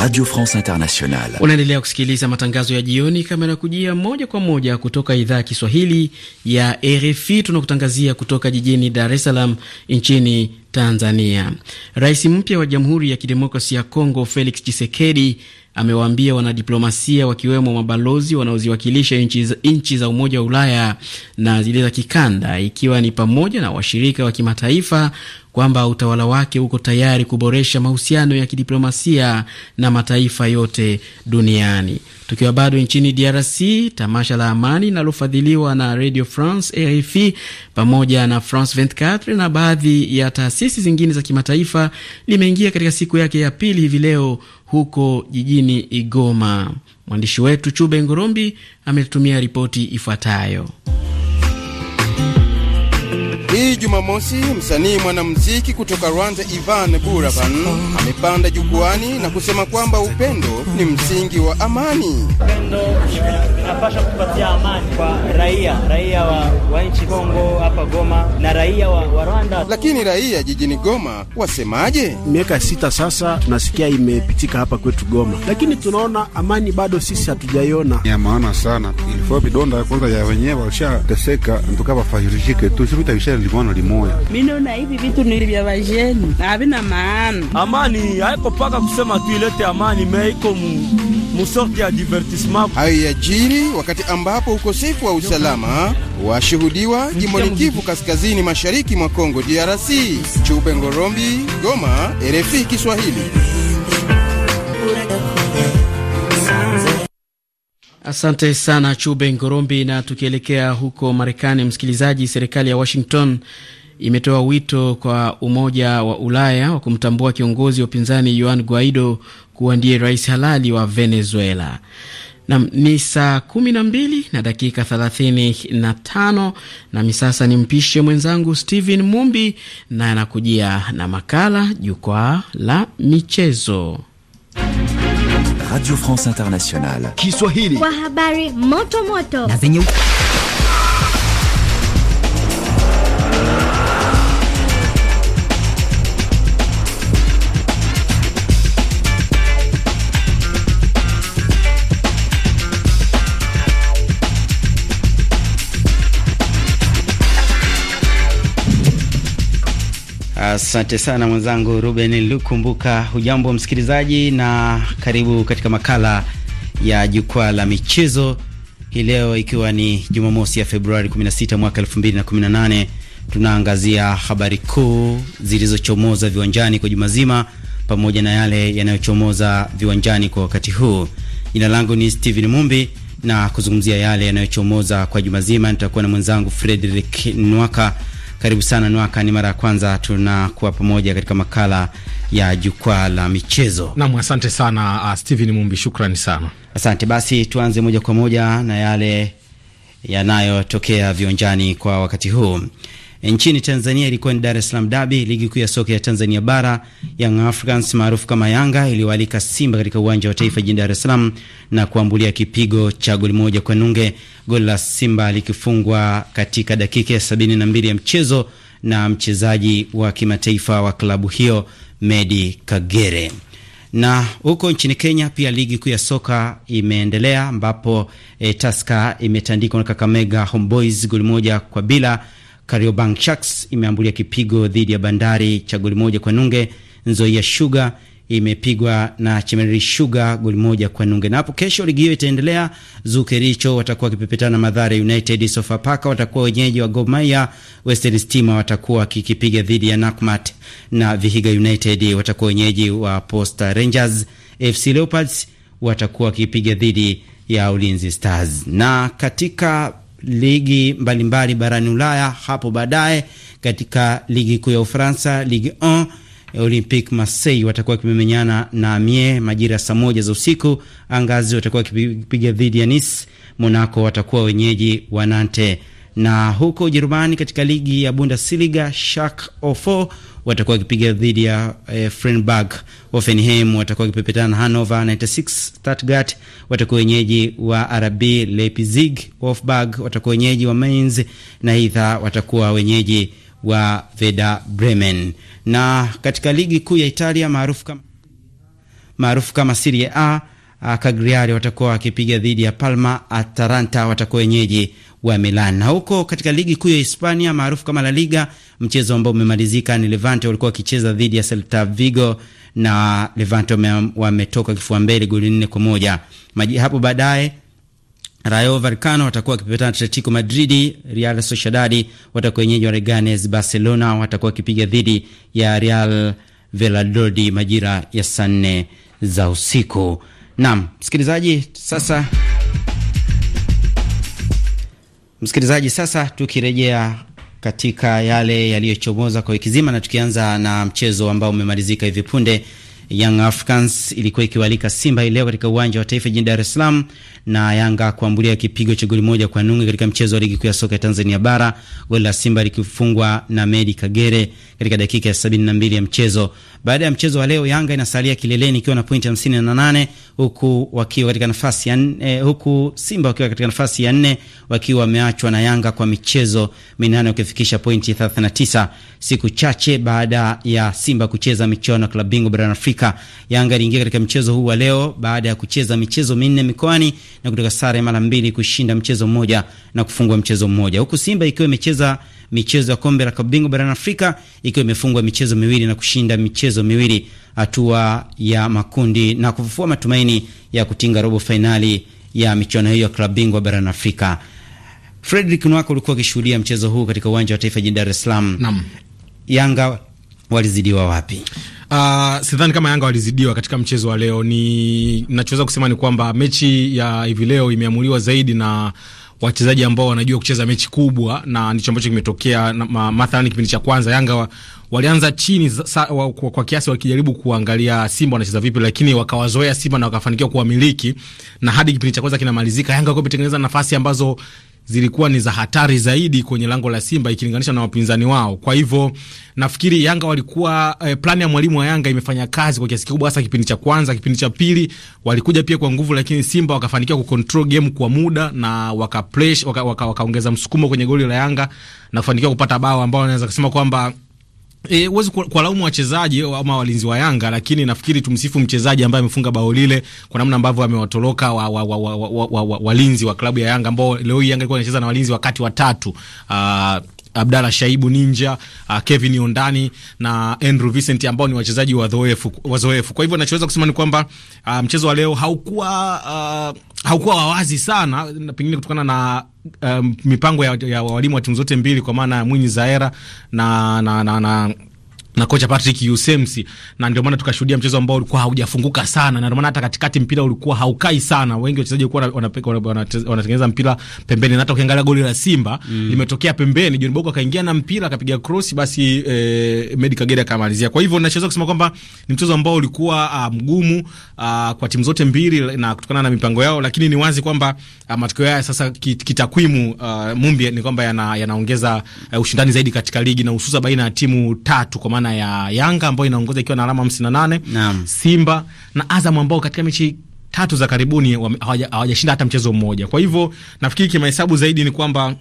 Radio France Internationale. Unaendelea kusikiliza matangazo ya jioni kama yanakujia moja kwa moja kutoka idhaa ya Kiswahili ya RFI. Tunakutangazia kutoka jijini Dar es Salaam nchini Tanzania. Rais mpya wa Jamhuri ya Kidemokrasia ya Kongo Felix Tshisekedi amewaambia wanadiplomasia wakiwemo mabalozi wanaoziwakilisha nchi za Umoja wa Ulaya na zile za kikanda, ikiwa ni pamoja na washirika wa kimataifa kwamba utawala wake uko tayari kuboresha mahusiano ya kidiplomasia na mataifa yote duniani. Tukiwa bado nchini DRC, tamasha la amani linalofadhiliwa na Radio France RFI pamoja na France 24 na baadhi ya taasisi zingine za kimataifa limeingia katika siku yake ya pili hivi leo huko jijini Igoma. Mwandishi wetu Chube Ngorombi ametutumia ripoti ifuatayo. Hii Jumamosi, msanii mwanamuziki kutoka Rwanda Ivan Buravan amepanda jukwani na kusema kwamba upendo ni msingi wa amani. Upendo unapaswa kupatia amani kwa raia, raia wa, wa nchi Kongo hapa Goma na raia wa, wa Rwanda. Lakini raia jijini Goma wasemaje? Miaka sita sasa tunasikia imepitika hapa kwetu Goma, lakini tunaona amani bado sisi hatujaiona. Ya maana sana ilifaa vidonda kwanza ya wenyewe walishateseka, ntukavafahirishike tu sivitavisha livano limoya. naona hivi vitu ni vya vajeni na havina maana. Amani haiko paka kusema tu ilete amani, meiko iko musorti ya divertissement. Hayo yajiri wakati ambapo ukosefu wa usalama washuhudiwa jimboni Kivu kaskazini mashariki mwa Kongo DRC. Chube Ngorombi, Goma, RFI Kiswahili. Asante sana Chube Ngorombi. Na tukielekea huko Marekani, msikilizaji, serikali ya Washington imetoa wito kwa Umoja wa Ulaya wa kumtambua kiongozi wa upinzani Juan Guaido kuwa ndiye rais halali wa Venezuela. Nam ni saa kumi na mbili na dakika thelathini na tano nami sasa nimpishe mwenzangu Stephen Mumbi naye anakujia na makala Jukwaa la Michezo. Radio France Internationale. Kiswahili. Kwa habari moto moto na zenye Asante sana mwenzangu Ruben Lukumbuka. Hujambo msikilizaji, na karibu katika makala ya jukwaa la michezo hii leo, ikiwa ni Jumamosi ya Februari 16 mwaka 2018. Tunaangazia habari kuu zilizochomoza viwanjani kwa juma zima pamoja na yale yanayochomoza viwanjani kwa wakati huu. Jina langu ni Steven Mumbi, na kuzungumzia yale yanayochomoza kwa juma zima nitakuwa na mwenzangu Frederick Nwaka karibu sana Nwaka, ni mara ya kwanza tunakuwa pamoja katika makala ya jukwaa la michezo. Nam, asante sana uh, Steven Mumbi, shukrani sana. Asante basi, tuanze moja kwa moja na yale yanayotokea viwanjani kwa wakati huu. Nchini Tanzania ilikuwa ni Dar es Salaam Dabi, ligi kuu ya soka ya Tanzania Bara. Young Africans maarufu kama Yanga iliwaalika Simba katika uwanja wa Taifa jijini Dar es Salaam na kuambulia kipigo cha goli moja kwa nunge, goli la Simba likifungwa katika dakika ya sabini na mbili ya mchezo na mchezaji wa kimataifa wa klabu hiyo Medi Kagere na huko nchini Kenya pia ligi kuu ya soka imeendelea ambapo e, eh, Taska imetandikwa na Kakamega Homeboys goli moja kwa bila, Kariobangi Sharks imeambulia kipigo dhidi ya Bandari cha goli moja kwa nunge. Nzoia Sugar imepigwa na Chemelil Sugar goli moja kwa nunge. Na hapo kesho ligi hiyo itaendelea. Zukericho watakuwa wakipepetana Madhare United, Sofapaka watakuwa wenyeji wa Gor Mahia, Western Stima watakuwa kikipiga dhidi ya Nakumatt na Vihiga United watakuwa wenyeji wa Posta Rangers, FC Leopards watakuwa wakipiga dhidi ya Ulinzi Stars. Na katika ligi mbalimbali mbali barani Ulaya hapo baadaye katika ligi kuu ya Ufaransa, Ligue 1. olympic Marseille watakuwa wakimemenyana na Amie majira ya saa moja za usiku. Angazi watakuwa wakipiga dhidi ya Nice. Monaco watakuwa wenyeji wa Nantes na huko Ujerumani katika ligi ya Bundesliga Schalke 04 watakuwa wakipiga dhidi ya eh, Freiburg. Hoffenheim watakuwa wakipepetana na Hannover 96. Stuttgart watakuwa wenyeji wa RB Leipzig. Wolfsburg watakuwa wenyeji wa Mainz na Hertha watakuwa wenyeji wa Werder Bremen. Na katika ligi kuu ya Italia maarufu kama maarufu kama Serie A, eh, Cagliari watakuwa wakipiga dhidi ya Palma. Atalanta watakuwa wenyeji wa Milan. Na huko katika ligi kuu ya Hispania maarufu kama La Liga, mchezo ambao umemalizika ni Levante walikuwa wakicheza dhidi ya Celta Vigo na Levante wametoka kifua mbele goli nne kwa moja. Maji hapo baadaye Rayo Vallecano watakuwa na Atletico Madrid. Real Sociedad watakuwa wenyeji wa Leganes. Barcelona watakuwa wakipiga dhidi ya Real Valladolid majira ya saa nne za usiku. Naam msikilizaji, sasa Msikilizaji, sasa tukirejea katika yale yaliyochomoza kwa wiki zima, na tukianza na mchezo ambao umemalizika hivi punde, Young Africans ilikuwa ikiwalika Simba hii leo katika uwanja wa Taifa jijini Dar es Salaam, na Yanga kuambulia kipigo cha goli moja kwa nunge katika mchezo wa ligi kuu ya soka ya Tanzania Bara, goli la Simba likifungwa na Medi Kagere katika dakika ya 72 ya mchezo. Baada ya mchezo wa leo, Yanga inasalia kileleni ikiwa na pointi 58 huku wakiwa katika nafasi ya eh, huku Simba wakiwa katika nafasi ya nne wakiwa wameachwa na Yanga kwa michezo minane wakifikisha pointi 39, siku chache baada ya Simba kucheza michuano ya klabu bingwa barani Afrika. Yanga iliingia katika mchezo huu wa leo baada ya kucheza michezo minne mikoani na kutoka sare mara mbili, kushinda mchezo mmoja na kufungwa mchezo mmoja, huku Simba ikiwa imecheza michezo ya kombe la kabingwa barani Afrika ikiwa imefungwa michezo miwili na kushinda michezo miwili hatua ya makundi na kufufua matumaini ya kutinga robo fainali ya michuano hiyo ya klabu bingwa barani Afrika. Fredrick Nwaka, ulikuwa ukishuhudia mchezo huu katika uwanja wa taifa jijini Dar es Salaam. Naam. Yanga walizidiwa wapi? Uh, sidhani kama Yanga walizidiwa katika mchezo wa leo. Ni nachoweza kusema ni kwamba mechi ya hivi leo imeamuliwa zaidi na wachezaji ambao wanajua kucheza mechi kubwa, na ndicho ambacho kimetokea. Mathalani kipindi cha kwanza Yanga wa, walianza chini sa, wa, kwa, kwa kiasi wakijaribu kuangalia Simba wanacheza vipi, lakini wakawazoea Simba na wakafanikiwa kuwamiliki, na hadi kipindi cha kwanza kinamalizika, Yanga kwa nafasi ambazo zilikuwa ni za hatari zaidi kwenye lango la Simba ikilinganisha na wapinzani wao. Kwa hivyo nafikiri Yanga walikuwa eh, plani ya mwalimu wa Yanga imefanya kazi kwa kiasi kikubwa, hasa kipindi cha kwanza. Kipindi cha pili walikuja pia kwa nguvu, lakini Simba wakafanikiwa kucontrol game kwa muda na waka wakaongeza waka, waka msukumo kwenye goli la Yanga na kufanikiwa kupata bao ambao wanaweza kusema kwamba E, huwezi kuwalaumu wachezaji ama walinzi wa Yanga, lakini nafikiri tumsifu mchezaji ambaye amefunga bao lile kwa namna ambavyo amewatoroka wa, wa, wa, wa, wa, wa, walinzi wa klabu ya Yanga ambao leo hii Yanga ilikuwa inacheza na walinzi wakati watatu. Uh, Abdalla Shaibu Ninja, uh, Kevin Ondani na Andrew Vincent ambao ni wachezaji wazoefu wazoefu. Kwa hivyo nachoweza kusema ni kwamba uh, mchezo wa leo haukuwa uh, haukuwa wawazi sana pengine kutokana na um, mipango ya, ya walimu wa timu zote mbili kwa maana ya Mwinyi Zaera na, na, na, na na kocha Patrick Yusemsi, na ndio maana tukashuhudia mchezo ambao ulikuwa haujafunguka sana, na ndio maana hata katikati mpira ulikuwa haukai sana. Wengi wachezaji walikuwa wanatengeneza mpira pembeni, na hata ukiangalia goli la Simba mm, limetokea pembeni, John Boko akaingia na mpira akapiga cross, basi eh, Medi Kagere akamalizia. Kwa hivyo nachoweza kusema kwamba ni mchezo ambao ulikuwa uh, mgumu uh, kwa timu zote mbili na kutokana na mipango yao, lakini ni wazi kwamba uh, matokeo haya sasa kitakwimu uh, mumbi ni kwamba yanaongeza yana uh, eh, ushindani zaidi katika ligi na hususa baina ya timu tatu kwa maana ya Yanga ambayo inaongoza ikiwa na alama 58, naam. Simba na Azam ambao katika mechi tatu za karibuni hawajashinda hata mchezo mmoja. Kwa hivyo nafikiri kimahesabu zaidi ni kwamba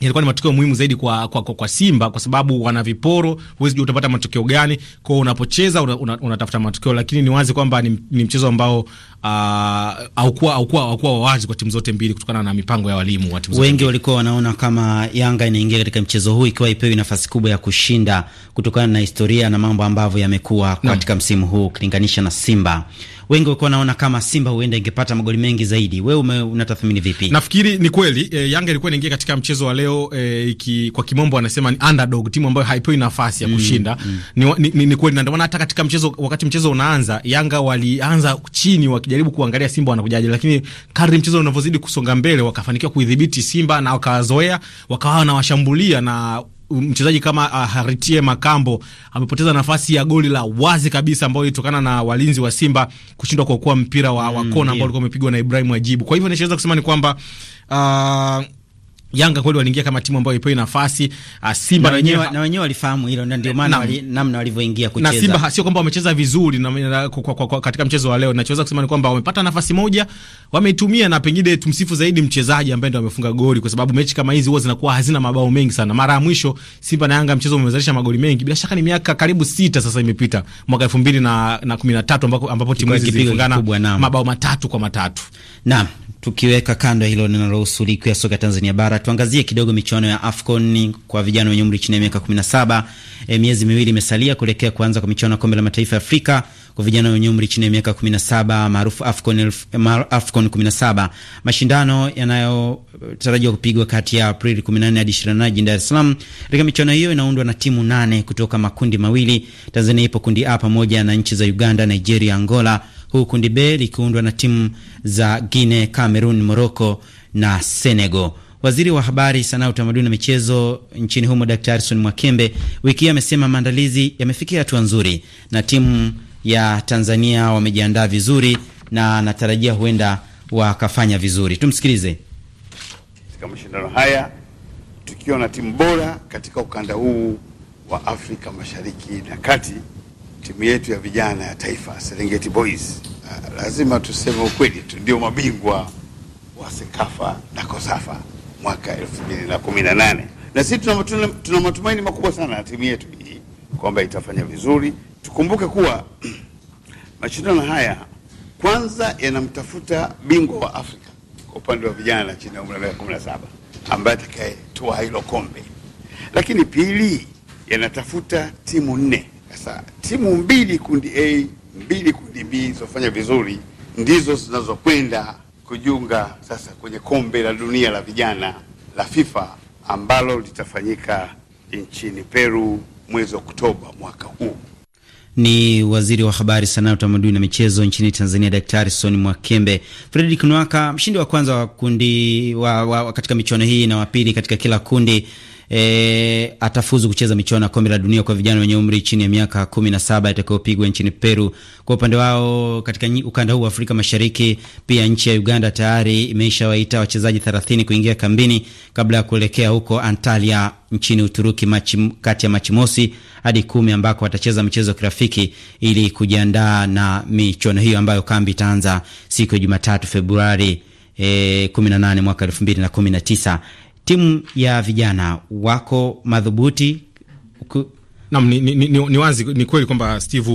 ilikuwa ni matokeo muhimu zaidi kwa, kwa, kwa, kwa Simba kwa sababu wana viporo, huwezi jua utapata matokeo gani kwao. Unapocheza unatafuta una, una matokeo, lakini ni wazi kwamba ni, ni mchezo ambao Ah, haukuwa haukuwa wazi kwa timu zote mbili kutokana na mipango ya walimu wa timu Wengi walikuwa wanaona kama Yanga inaingia katika mchezo huu ikiwa ipewi nafasi kubwa ya kushinda kutokana na historia na mambo ambavyo yamekuwa katika msimu huu ukilinganisha na Simba. Wengi walikuwa wanaona kama Simba huenda ingepata magoli mengi zaidi. Wewe unatathmini vipi? Nafikiri ni kweli e, Yanga ilikuwa inaingia katika mchezo wa leo e, iki, kwa kimombo wanasema ni underdog, timu ambayo haipewi nafasi ya mm, kushinda mm, mm. Ni, ni, ni, kweli na ndio maana hata katika mchezo wakati mchezo unaanza Yanga walianza chini wakija wakijaribu kuangalia Simba wanakujaje, lakini kadri mchezo unavyozidi kusonga mbele wakafanikiwa kuidhibiti Simba na wakawazoea, wakawa wanawashambulia na um, mchezaji kama uh, Haritie Makambo amepoteza nafasi ya goli la wazi kabisa ambayo ilitokana na walinzi wa Simba kushindwa kuokoa mpira wa, mm, wa kona ambao ulikuwa umepigwa na Ibrahim Ajibu. Kwa hivyo ninachoweza kusema ni kwamba uh, Yanga kweli waliingia kama timu ambayo ipewi nafasi. Ah, Simba na wenyewe na wenyewe walifahamu hilo, na ndio maana wali, namna walivyoingia kucheza. Na Simba sio kwamba wamecheza vizuri na, na, kwa, kwa, kwa, katika mchezo wa leo, ninachoweza kusema ni kwamba wamepata nafasi moja, wameitumia, na pengine tumsifu zaidi mchezaji ambaye ndio amefunga goli, kwa sababu mechi kama hizi huwa zinakuwa hazina mabao mengi sana. Mara ya mwisho Simba na Yanga mchezo umezalisha magoli mengi, bila shaka ni miaka karibu sita sasa imepita, mwaka 2013 ambapo ambapo timu hizi zilifungana mabao matatu kwa matatu. Naam, Tukiweka kando ya hilo linalohusu ligi ya soka Tanzania bara, tuangazie kidogo michuano ya AFCON kwa vijana wenye umri chini ya miaka 17. E, eh, miezi miwili imesalia kuelekea kuanza kwa michuano ya kombe la mataifa ya Afrika kwa vijana wenye umri chini ya miaka 17 maarufu AFCON, AFCON 17. Mashindano yanayotarajiwa kupigwa kati ya Aprili 14 hadi 28 jijini Dar es Salaam. Katika michuano hiyo inaundwa na timu nane kutoka makundi mawili. Tanzania ipo kundi A pamoja na nchi za Uganda, Nigeria, Angola huku kundi B likiundwa na timu za Guine, Cameroon, Morocco na Senegal. Waziri wa Habari, Sanaa, Utamaduni na Michezo nchini humo Daktari Harrison Mwakembe wiki hii amesema maandalizi yamefikia hatua nzuri na timu ya Tanzania wamejiandaa vizuri na anatarajia huenda wakafanya vizuri. Tumsikilize. Katika mashindano haya tukiwa na timu bora katika ukanda huu wa Afrika Mashariki na Kati timu yetu ya vijana ya taifa Serengeti Boys, ah, lazima tuseme ukweli tu, ndio mabingwa wa Sekafa na Kosafa mwaka 2018 na, na sisi tuna, tuna, tuna matumaini makubwa sana na timu yetu hii kwamba itafanya vizuri. Tukumbuke kuwa *clears throat* mashindano haya kwanza yanamtafuta bingwa wa Afrika kwa upande wa vijana chini ya umri wa miaka 17 ambaye atakayetoa hilo kombe, lakini pili yanatafuta timu nne sasa timu mbili kundi A, mbili kundi B zilizofanya vizuri ndizo zinazokwenda kujiunga sasa kwenye kombe la dunia la vijana la FIFA ambalo litafanyika nchini Peru mwezi Oktoba mwaka huu. Ni waziri wa habari, sanaa, utamaduni na michezo nchini Tanzania, Daktari Soni Mwakembe. Fredrick Nwaka, mshindi wa kwanza wa kundi wa, wa, wa katika michuano hii na wa pili katika kila kundi e, atafuzu kucheza michuano ya kombe la dunia kwa vijana wenye umri chini ya miaka 17 itakayopigwa nchini Peru. Kwa upande wao, katika ukanda huu wa Afrika Mashariki, pia nchi ya Uganda tayari imeishawaita wachezaji 30 kuingia kambini kabla ya kuelekea huko Antalya nchini Uturuki machi, kati ya Machi mosi hadi kumi ambako watacheza michezo ya kirafiki ili kujiandaa na michuano hiyo ambayo kambi itaanza siku ya Jumatatu Februari e, 18 mwaka 2019 timu ya vijana wako madhubuti ku... Nam, ni, ni, ni, ni wazi ni kweli kwamba Steve,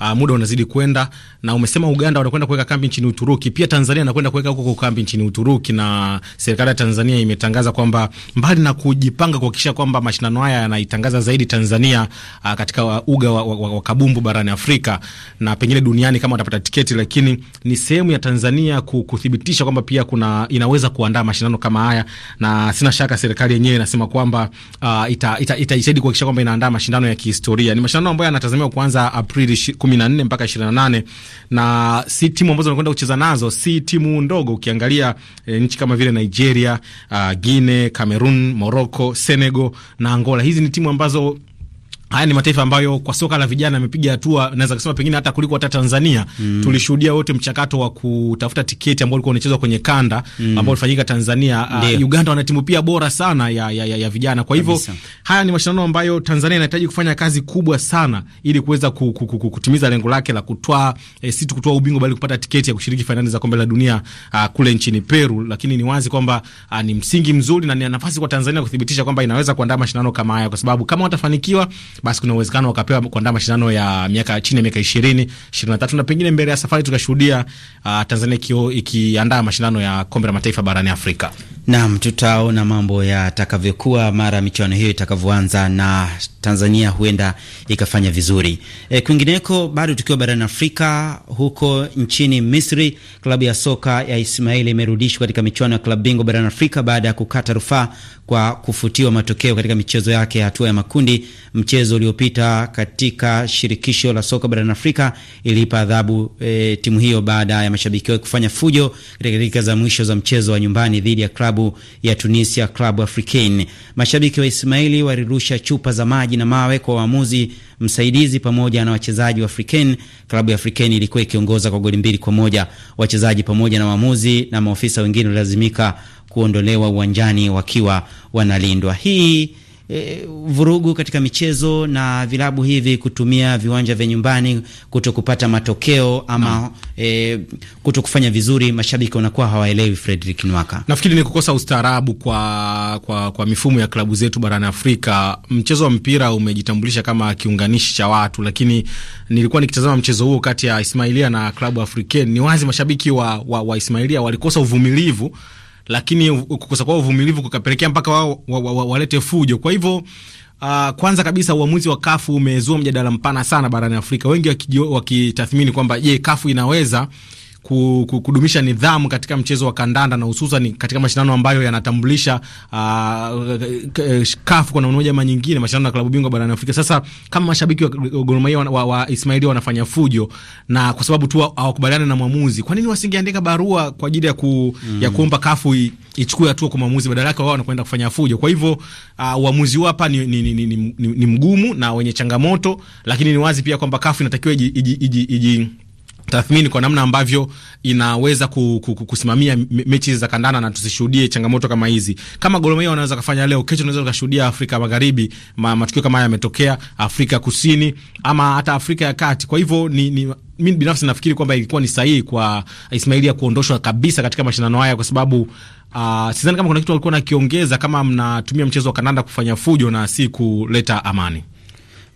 uh, muda unazidi kwenda na umesema Uganda wanakwenda kuweka kambi nchini Uturuki, pia Tanzania anakwenda kuweka huko kambi nchini Uturuki, na serikali ya Tanzania imetangaza kwamba mbali na kujipanga kuhakikisha kwamba mashindano haya yanaitangaza zaidi Tanzania a, uh, katika uga wa, wa, wa kabumbu barani Afrika na pengine duniani kama watapata tiketi, lakini ni sehemu ya Tanzania kuthibitisha kwamba pia kuna inaweza kuandaa mashindano kama haya, na sina shaka serikali yenyewe inasema kwamba uh, itajitahidi ita, ita, ita kuhakikisha kwamba inaandaa mashindano ya kihistoria. Ni mashindano ambayo yanatazamiwa kuanza Aprili 14 mpaka 28 na si timu ambazo wanakwenda kucheza nazo si timu ndogo. Ukiangalia e, nchi kama vile Nigeria, uh, Guinea, Cameroon, Morocco, Senegal na Angola, hizi ni timu ambazo Haya ni mataifa ambayo kwa soka la vijana yamepiga hatua, naweza kusema pengine hata kuliko hata Tanzania. Mm. Tulishuhudia wote mchakato wa kutafuta tiketi ambao ulikuwa unachezwa kwenye kanda mm. ambao ulifanyika Tanzania. Uh, Uganda wana timu pia bora sana ya, ya, ya, ya vijana. Kwa hivyo haya ni mashindano ambayo Tanzania inahitaji kufanya kazi kubwa sana ili kuweza ku, ku, ku, ku, kutimiza lengo lake la kutoa eh, si tu kutwaa ubingwa bali kupata tiketi ya kushiriki fainali za kombe la dunia uh, kule nchini Peru. Lakini ni wazi kwamba uh, ni msingi mzuri na ni nafasi kwa Tanzania kuthibitisha kwamba inaweza kuandaa mashindano kama haya kwa sababu kama watafanikiwa basi kuna uwezekano wakapewa kuandaa mashindano ya miaka chini ya miaka na tatu na pengine mbele ya safari tukashuhudia uh, Tanzania ikiandaa mashindano ya kombe la mataifa barani Afrika. Nam, tutaona mambo yatakavyokuwa mara michuano hiyo itakavyoanza, na Tanzania huenda ikafanya vizuri. E, kwingineko bado tukiwa barani Afrika, huko nchini Misri, klabu ya soka ya Ismail imerudishwa katika michuano ya klabu bingwa barani Afrika baada ya kukata rufaa kwa kufutiwa matokeo katika michezo yake ya hatua ya makundi. Mchezo uliopita katika shirikisho la soka barani Afrika iliipa adhabu e, timu hiyo baada ya mashabiki wake kufanya fujo katika dakika za mwisho za mchezo wa nyumbani dhidi ya klabu klabu ya Tunisia Club Africain. Mashabiki wa Ismaili walirusha chupa za maji na mawe kwa waamuzi msaidizi pamoja na wachezaji wa Africain. Klabu ya Africain ilikuwa ikiongoza kwa goli mbili kwa moja. Wachezaji pamoja na waamuzi na maofisa wengine walilazimika kuondolewa uwanjani wakiwa wanalindwa. Hii e, vurugu katika michezo na vilabu hivi kutumia viwanja vya nyumbani kuto kupata matokeo ama no. e, kuto kufanya vizuri, mashabiki wanakuwa hawaelewi. Frederick Nwaka, nafikiri ni kukosa ustaarabu kwa, kwa, kwa mifumo ya klabu zetu barani Afrika. Mchezo wa mpira umejitambulisha kama kiunganishi cha watu, lakini nilikuwa nikitazama mchezo huo kati ya Ismailia na klabu African, ni wazi mashabiki wa, wa, wa Ismailia walikosa uvumilivu lakini kukosa kwao uvumilivu kukapelekea mpaka wao wa, wa, wa, walete fujo. Kwa hivyo Uh, kwanza kabisa uamuzi wa kafu umezua mjadala mpana sana barani Afrika, wengi wakijio, wakitathmini kwamba je, kafu inaweza kudumisha nidhamu katika mchezo wa kandanda na hususan katika mashindano ambayo yanatambulisha uh, ah, CAF eh, kwa namna moja ama nyingine, mashindano ya klabu bingwa barani Afrika. Sasa kama mashabiki wa Gor Mahia wa, wa Ismailia wanafanya fujo na kwa sababu tu hawakubaliana na mwamuzi, kwa nini wasingeandika barua kwa ajili ya, ku, mm. ya kuomba CAF ichukue hatua kwa mwamuzi? Badala yake wao wanakwenda kufanya fujo. Kwa hivyo uh, uamuzi wao hapa ni, ni, ni, ni, ni, ni mgumu na wenye changamoto, lakini ni wazi pia kwamba CAF inatakiwa iji, iji, iji, iji tathmini kwa namna ambavyo inaweza kusimamia mechi za kandanda na tusishuhudie changamoto kama hizi. Kama Gor Mahia wanaweza kufanya leo, kesho tunaweza kushuhudia Afrika Magharibi ma, matukio kama haya yametokea Afrika Kusini ama hata Afrika ya Kati. Kwa hivyo ni, ni mimi binafsi nafikiri kwamba ilikuwa ni sahihi kwa Ismaili ya kuondoshwa kabisa katika mashindano haya kwa sababu uh, sidhani kama kuna kitu walikuwa nakiongeza kama mnatumia mchezo wa kandanda kufanya fujo na si kuleta amani.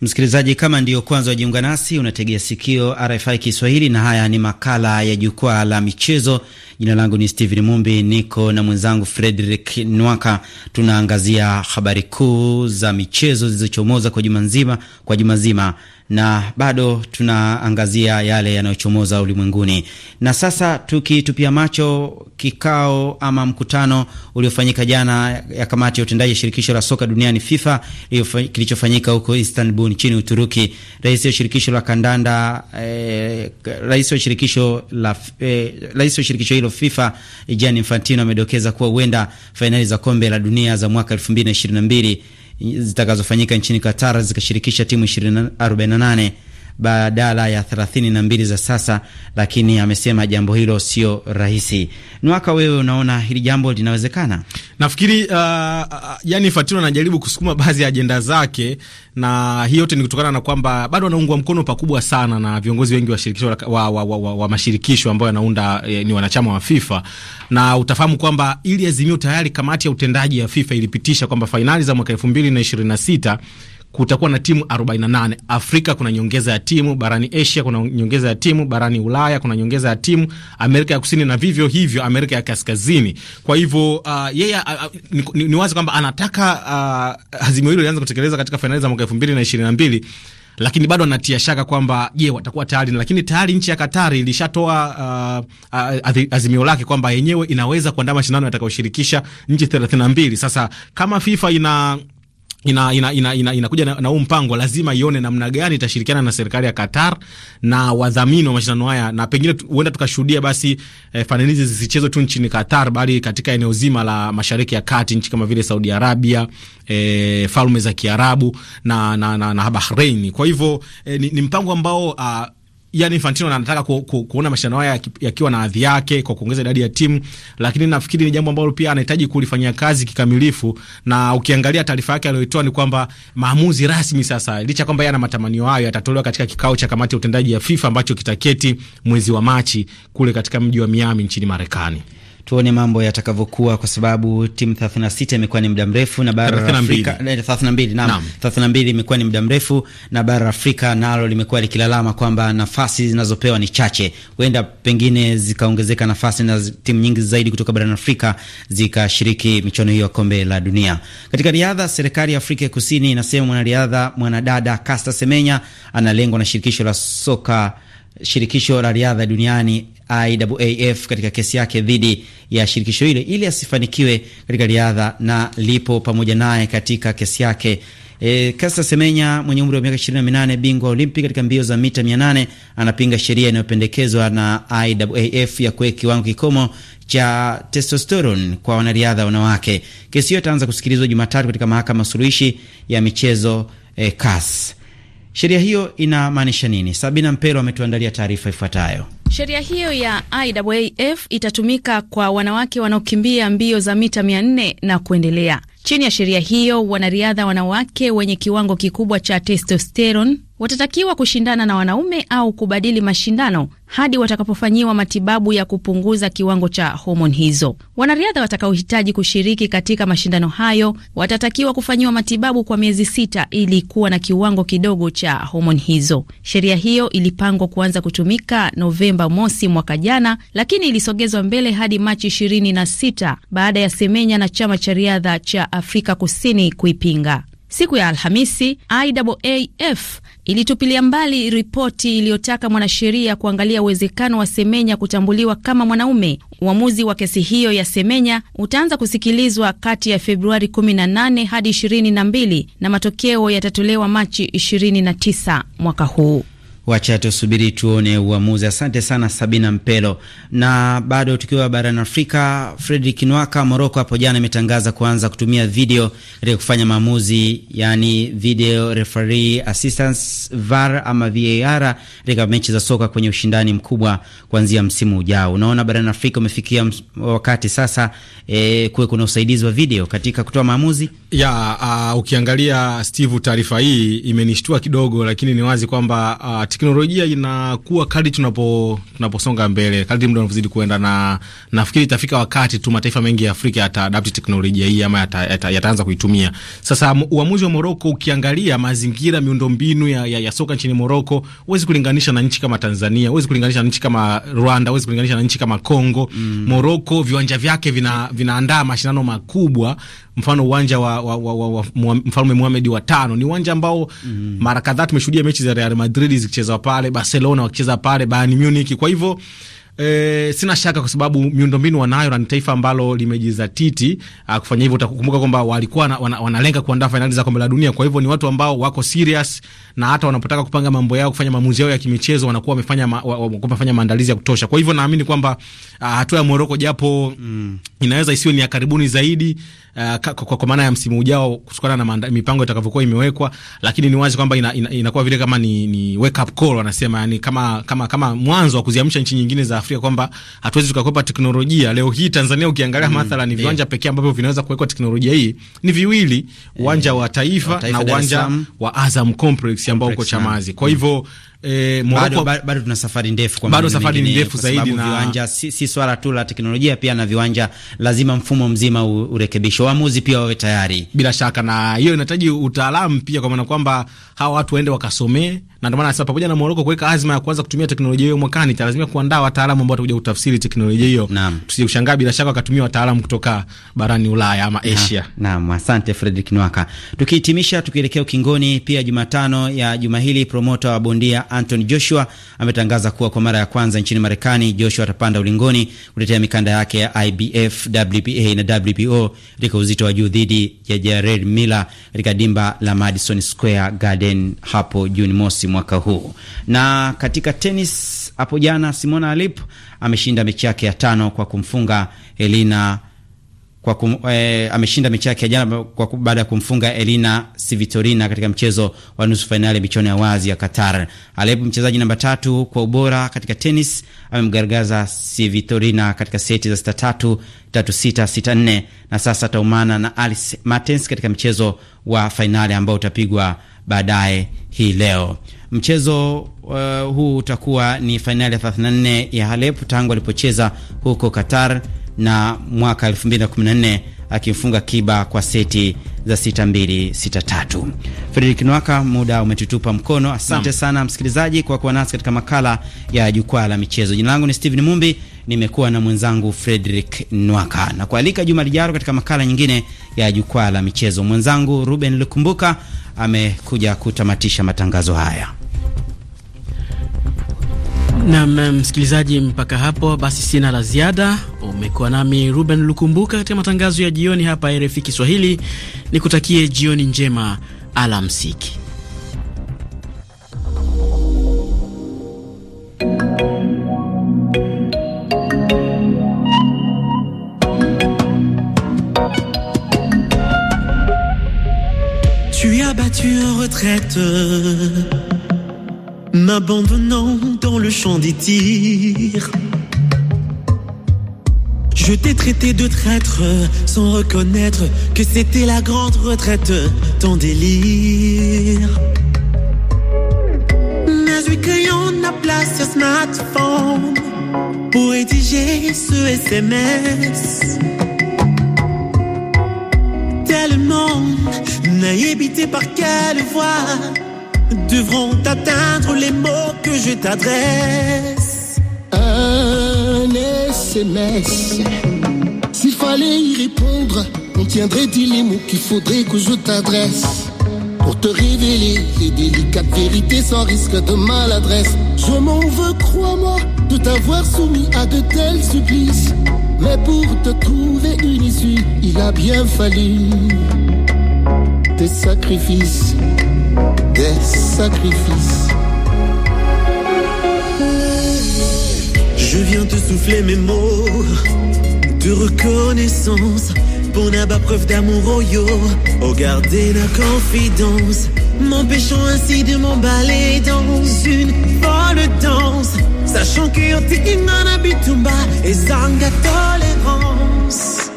Msikilizaji, kama ndiyo kwanza wajiunga nasi, unategea sikio RFI Kiswahili na haya ni makala ya jukwaa la michezo. Jina langu ni Steven Mumbi, niko na mwenzangu Frederick Nwaka. Tunaangazia habari kuu za michezo zilizochomoza kwa juma zima na bado tunaangazia yale yanayochomoza ulimwenguni. Na sasa tukitupia macho kikao ama mkutano uliofanyika jana ya kamati ya utendaji ya shirikisho la soka duniani FIFA kilichofanyika huko Istanbul nchini Uturuki, rais wa shirikisho la kandanda eh, rais wa shirikisho la eh, rais wa shirikisho hilo FIFA Gianni Infantino amedokeza kuwa huenda fainali za kombe la dunia za mwaka mbili zitakazofanyika nchini Qatar zikashirikisha timu 48 badala ya thelathini na mbili za sasa, lakini amesema jambo hilo sio rahisi. Nwaka, wewe unaona hili jambo linawezekana? Nafikiri uh, uh, yani Fatino anajaribu kusukuma baadhi ya ajenda zake, na hii yote ni kutokana na kwamba bado anaungwa mkono pakubwa sana na viongozi wengi wa shirikisho wa, wa, wa, wa, wa mashirikisho ambayo yanaunda eh, ni wanachama wa FIFA, na utafahamu kwamba ili azimio tayari kamati ya utendaji ya FIFA ilipitisha kwamba fainali za mwaka elfu mbili na na ishirini sita kutakuwa na timu 48. Afrika kuna nyongeza ya timu, barani Asia kuna nyongeza ya timu, barani Ulaya kuna nyongeza ya timu, Amerika ya Kusini na vivyo hivyo Amerika ya Kaskazini. Kwa hivyo uh, yeye uh, uh ni, ni, ni wazi kwamba anataka uh, azimio hilo lianze kutekeleza katika fainali za mwaka 2022 lakini bado anatia shaka kwamba je, watakuwa tayari. Lakini tayari nchi ya Katari ilishatoa uh, uh, azimio lake kwamba yenyewe inaweza kuandaa mashindano yatakayoshirikisha nchi 32. Sasa kama FIFA ina inakuja ina, ina, ina, ina na huu mpango lazima ione namna gani itashirikiana na serikali ya Qatar na wadhamini wa mashindano haya, na pengine huenda tukashuhudia basi eh, fainali hizi zisichezwe tu nchini Qatar, bali katika eneo zima la Mashariki ya Kati, nchi kama vile Saudi Arabia, eh, Falme za Kiarabu na, na, na, na Bahrain. Kwa hivyo eh, ni, ni mpango ambao uh, yani Infantino anataka ku, ku, kuona mashindano haya yakiwa na hadhi yake kwa kuongeza idadi ya timu, lakini nafikiri ni jambo ambalo pia anahitaji kulifanyia kazi kikamilifu. Na ukiangalia taarifa yake aliyoitoa ni kwamba maamuzi rasmi sasa, licha kwamba yeye ana matamanio hayo, yatatolewa katika kikao cha kamati ya utendaji ya FIFA ambacho kitaketi mwezi wa Machi kule katika mji wa Miami nchini Marekani tuone mambo yatakavyokuwa, kwa sababu timu 36 imekuwa ni muda mrefu na bara Afrika 32, eh, naam 32 imekuwa ni muda mrefu na bara Afrika nalo limekuwa likilalama kwamba nafasi zinazopewa ni chache. Huenda pengine zikaongezeka nafasi na timu nyingi zaidi kutoka barani Afrika zikashiriki michuano hiyo ya kombe la dunia. Katika riadha, serikali ya Afrika Kusini inasema mwanariadha mwanadada Caster Semenya analengwa na shirikisho la soka shirikisho la riadha duniani IAAF katika kesi yake dhidi ya shirikisho hilo ili asifanikiwe katika riadha na lipo pamoja naye katika kesi yake. E, Caster Semenya mwenye umri wa miaka 28, bingwa Olimpi katika mbio za mita 800 anapinga sheria inayopendekezwa na IAAF ya kuweka kiwango kikomo cha testosterone kwa wanariadha wanawake. Kesi hiyo itaanza kusikilizwa Jumatatu katika mahakama suluhishi ya michezo e, CAS. Sheria hiyo inamaanisha nini? Sabina Mpero ametuandalia taarifa ifuatayo. Sheria hiyo ya IAAF itatumika kwa wanawake wanaokimbia mbio za mita 400 na kuendelea. Chini ya sheria hiyo, wanariadha wanawake wenye kiwango kikubwa cha testosterone watatakiwa kushindana na wanaume au kubadili mashindano hadi watakapofanyiwa matibabu ya kupunguza kiwango cha homoni hizo. Wanariadha watakaohitaji kushiriki katika mashindano hayo watatakiwa kufanyiwa matibabu kwa miezi sita ili kuwa na kiwango kidogo cha homoni hizo. Sheria hiyo ilipangwa kuanza kutumika Novemba mosi mwaka jana, lakini ilisogezwa mbele hadi Machi 26 baada ya Semenya na chama cha riadha cha Afrika Kusini kuipinga. Siku ya Alhamisi IAAF ilitupilia mbali ripoti iliyotaka mwanasheria kuangalia uwezekano wa Semenya kutambuliwa kama mwanaume. Uamuzi wa kesi hiyo ya Semenya utaanza kusikilizwa kati ya Februari 18 hadi 22 na matokeo yatatolewa Machi 29 mwaka huu. Wacha tusubiri tuone uamuzi. Asante sana Sabina Mpelo. Na bado tukiwa barani Afrika, Fredrik Nwaka Moroko hapo jana imetangaza kuanza kutumia video katika kufanya maamuzi, yani video referee assistance VAR ama VAR katika mechi za soka kwenye ushindani mkubwa kuanzia msimu ujao. Unaona, barani Afrika umefikia wakati sasa e, kuwe kuna usaidizi wa video katika kutoa maamuzi ya. Uh, ukiangalia Steve, taarifa hii imenishtua kidogo, lakini ni wazi kwamba uh, teknolojia inakuwa kadri tunapo tunaposonga mbele, kadri muda unavyozidi kuenda, na nafikiri itafika wakati tu mataifa mengi ya Afrika yataadapti teknolojia hii ama yataanza yata, yata kuitumia. Sasa uamuzi wa Moroko, ukiangalia mazingira, miundombinu ya, ya, ya soka nchini Moroko, huwezi kulinganisha na nchi kama Tanzania, huwezi kulinganisha na nchi kama Rwanda, huwezi kulinganisha na nchi kama Congo. Mm. Moroko viwanja vyake vina vinaandaa mashindano makubwa mfano uwanja wa, wa, wa, wa, wa Mfalme Muhamedi wa tano ni uwanja ambao mm. mara kadhaa tumeshuhudia mechi za Real Madrid zikicheza wakicheza pale, Barcelona wakicheza pale, Bayern Munich. Kwa hivyo E, sina shaka kwa sababu miundombinu wanayo na ni taifa ambalo limejizatiti ah, kufanya hivyo. Utakumbuka kwamba walikuwa na, wana, wanalenga kuandaa fainali za kombe la dunia, kwa hivyo ni watu ambao wako serious na hata wanapotaka kupanga mambo yao, kufanya maamuzi yao ya kimichezo wanakuwa wamefanya ma, wamefanya maandalizi ya kutosha. Kwa hivyo naamini kwamba ah, hatua ya Morocco japo mm, inaweza isiwe ni ya karibuni zaidi uh, kwa, kwa, kwa maana ya msimu ujao kusukana na manda, mipango itakavyokuwa imewekwa, lakini ni wazi kwamba inakuwa ina, ina vile kama ni, ni wake up call wanasema, yani kama kama kama mwanzo wa kuziamsha nchi nyingine za Afrika kwamba hatuwezi tukakwepa teknolojia. Leo hii Tanzania ukiangalia mm, mathala ni viwanja pekee ambavyo vinaweza kuwekwa teknolojia hii ni viwili, eh, uwanja yeah, wa Taifa, wa Taifa na uwanja wa Azam Complex ambao uko Chamazi. Kwa hivyo mm eh, Morocco bado tuna safari ndefu, kwa bado safari ndefu zaidi, na viwanja si, si swala tu la teknolojia, pia na viwanja lazima mfumo mzima urekebishwe, waamuzi pia wawe tayari bila shaka, na hiyo inahitaji utaalamu pia, kwa maana kwamba hawa watu waende wakasomee, na ndio maana sasa pamoja na Morocco kuweka azma ya kuanza kutumia teknolojia hiyo mwakani, lazima kuandaa wataalamu ambao watakuja kutafsiri teknolojia hiyo. Tusije bila shaka wakatumia wataalamu kutoka barani Ulaya ama Asia. Naam, asante Fredrick Nwaka. Tukihitimisha, tukielekea ukingoni, pia Jumatano ya juma hili promota wa bondia Anthony Joshua ametangaza kuwa kwa mara ya kwanza nchini Marekani, Joshua atapanda ulingoni kutetea mikanda yake ya IBF, WBA na WBO katika uzito wa juu dhidi ya Jared Miller katika dimba la Madison Square Garden hapo Juni mosi mwaka huu. Na katika tenis hapo jana, Simona Halep ameshinda mechi yake ya tano kwa kumfunga Elina kwa kum, e, ameshinda mechi yake jana kwa baada ya kumfunga Elina Svitolina katika mchezo wa nusu fainali michuano ya wazi ya Qatar. Halep, mchezaji namba tatu kwa ubora katika tenis, amemgaragaza Svitolina katika seti za sita tatu tatu sita sita nne na sasa ataumana na Alice Martens katika mchezo wa fainali ambao utapigwa baadaye hii leo. Mchezo uh, huu utakuwa ni fainali ya 34 ya Halep tangu alipocheza huko Qatar na mwaka 2014 akimfunga Kiba kwa seti za 6-2 6-3. Nwaka, muda umetutupa mkono. Asante Nam. sana msikilizaji kwa kuwa nasi katika makala ya jukwaa la michezo. Jina langu ni Steven Mumbi, nimekuwa na mwenzangu Fredrik Nwaka na kualika juma lijalo katika makala nyingine ya jukwaa la michezo. Mwenzangu Ruben Lukumbuka amekuja kutamatisha matangazo haya. Nam msikilizaji, mpaka hapo basi sina la ziada. Umekuwa nami Ruben Lukumbuka katika matangazo ya jioni hapa RFI Kiswahili. Nikutakie jioni njema, alamsiki. Tu as battu en retraite m'abandonnant dans le champ des tirs. Je t'ai traité de traître sans reconnaître que c'était la grande retraite, ton délire. Mais y en la place sur smartphone pour rédiger ce SMS. Tellement naïvité par quelle voix devront atteindre les mots que je t'adresse. Un SMS. S'il fallait y répondre, tiendrait tiendrait les mots qu'il faudrait que je t'adresse pour te révéler les délicates vérités sans risque de maladresse Je m'en veux, crois-moi, de t'avoir soumis à de tels supplices. Mais pour te trouver une issue, il a bien fallu des sacrifices sacrifice. Je viens te souffler mes mots de reconnaissance pour pas preuve d'amour au garder la confidence, m'empêchant ainsi de m'emballer dans une folle danse. Sachant que Yotikimana Bitumba et Zanga tolérance.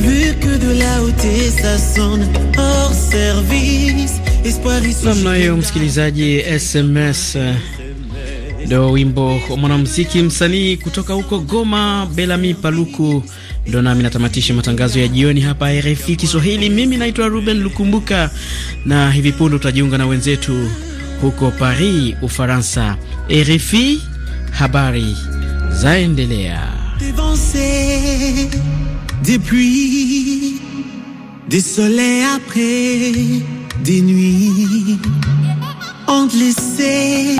Vu que de la hauteur ça sonne hors service. namna hiyo, msikilizaji. SMS eh, ndo wimbo wa mwanamuziki msanii kutoka huko Goma, Belami Paluku. Ndo nami natamatisha matangazo ya jioni hapa RFI Kiswahili. Mimi naitwa Ruben Lukumbuka, na hivi punde tutajiunga na wenzetu huko Paris, Ufaransa. RFI, habari zaendelea. Depuis, des soleils après des nuits, on glissé.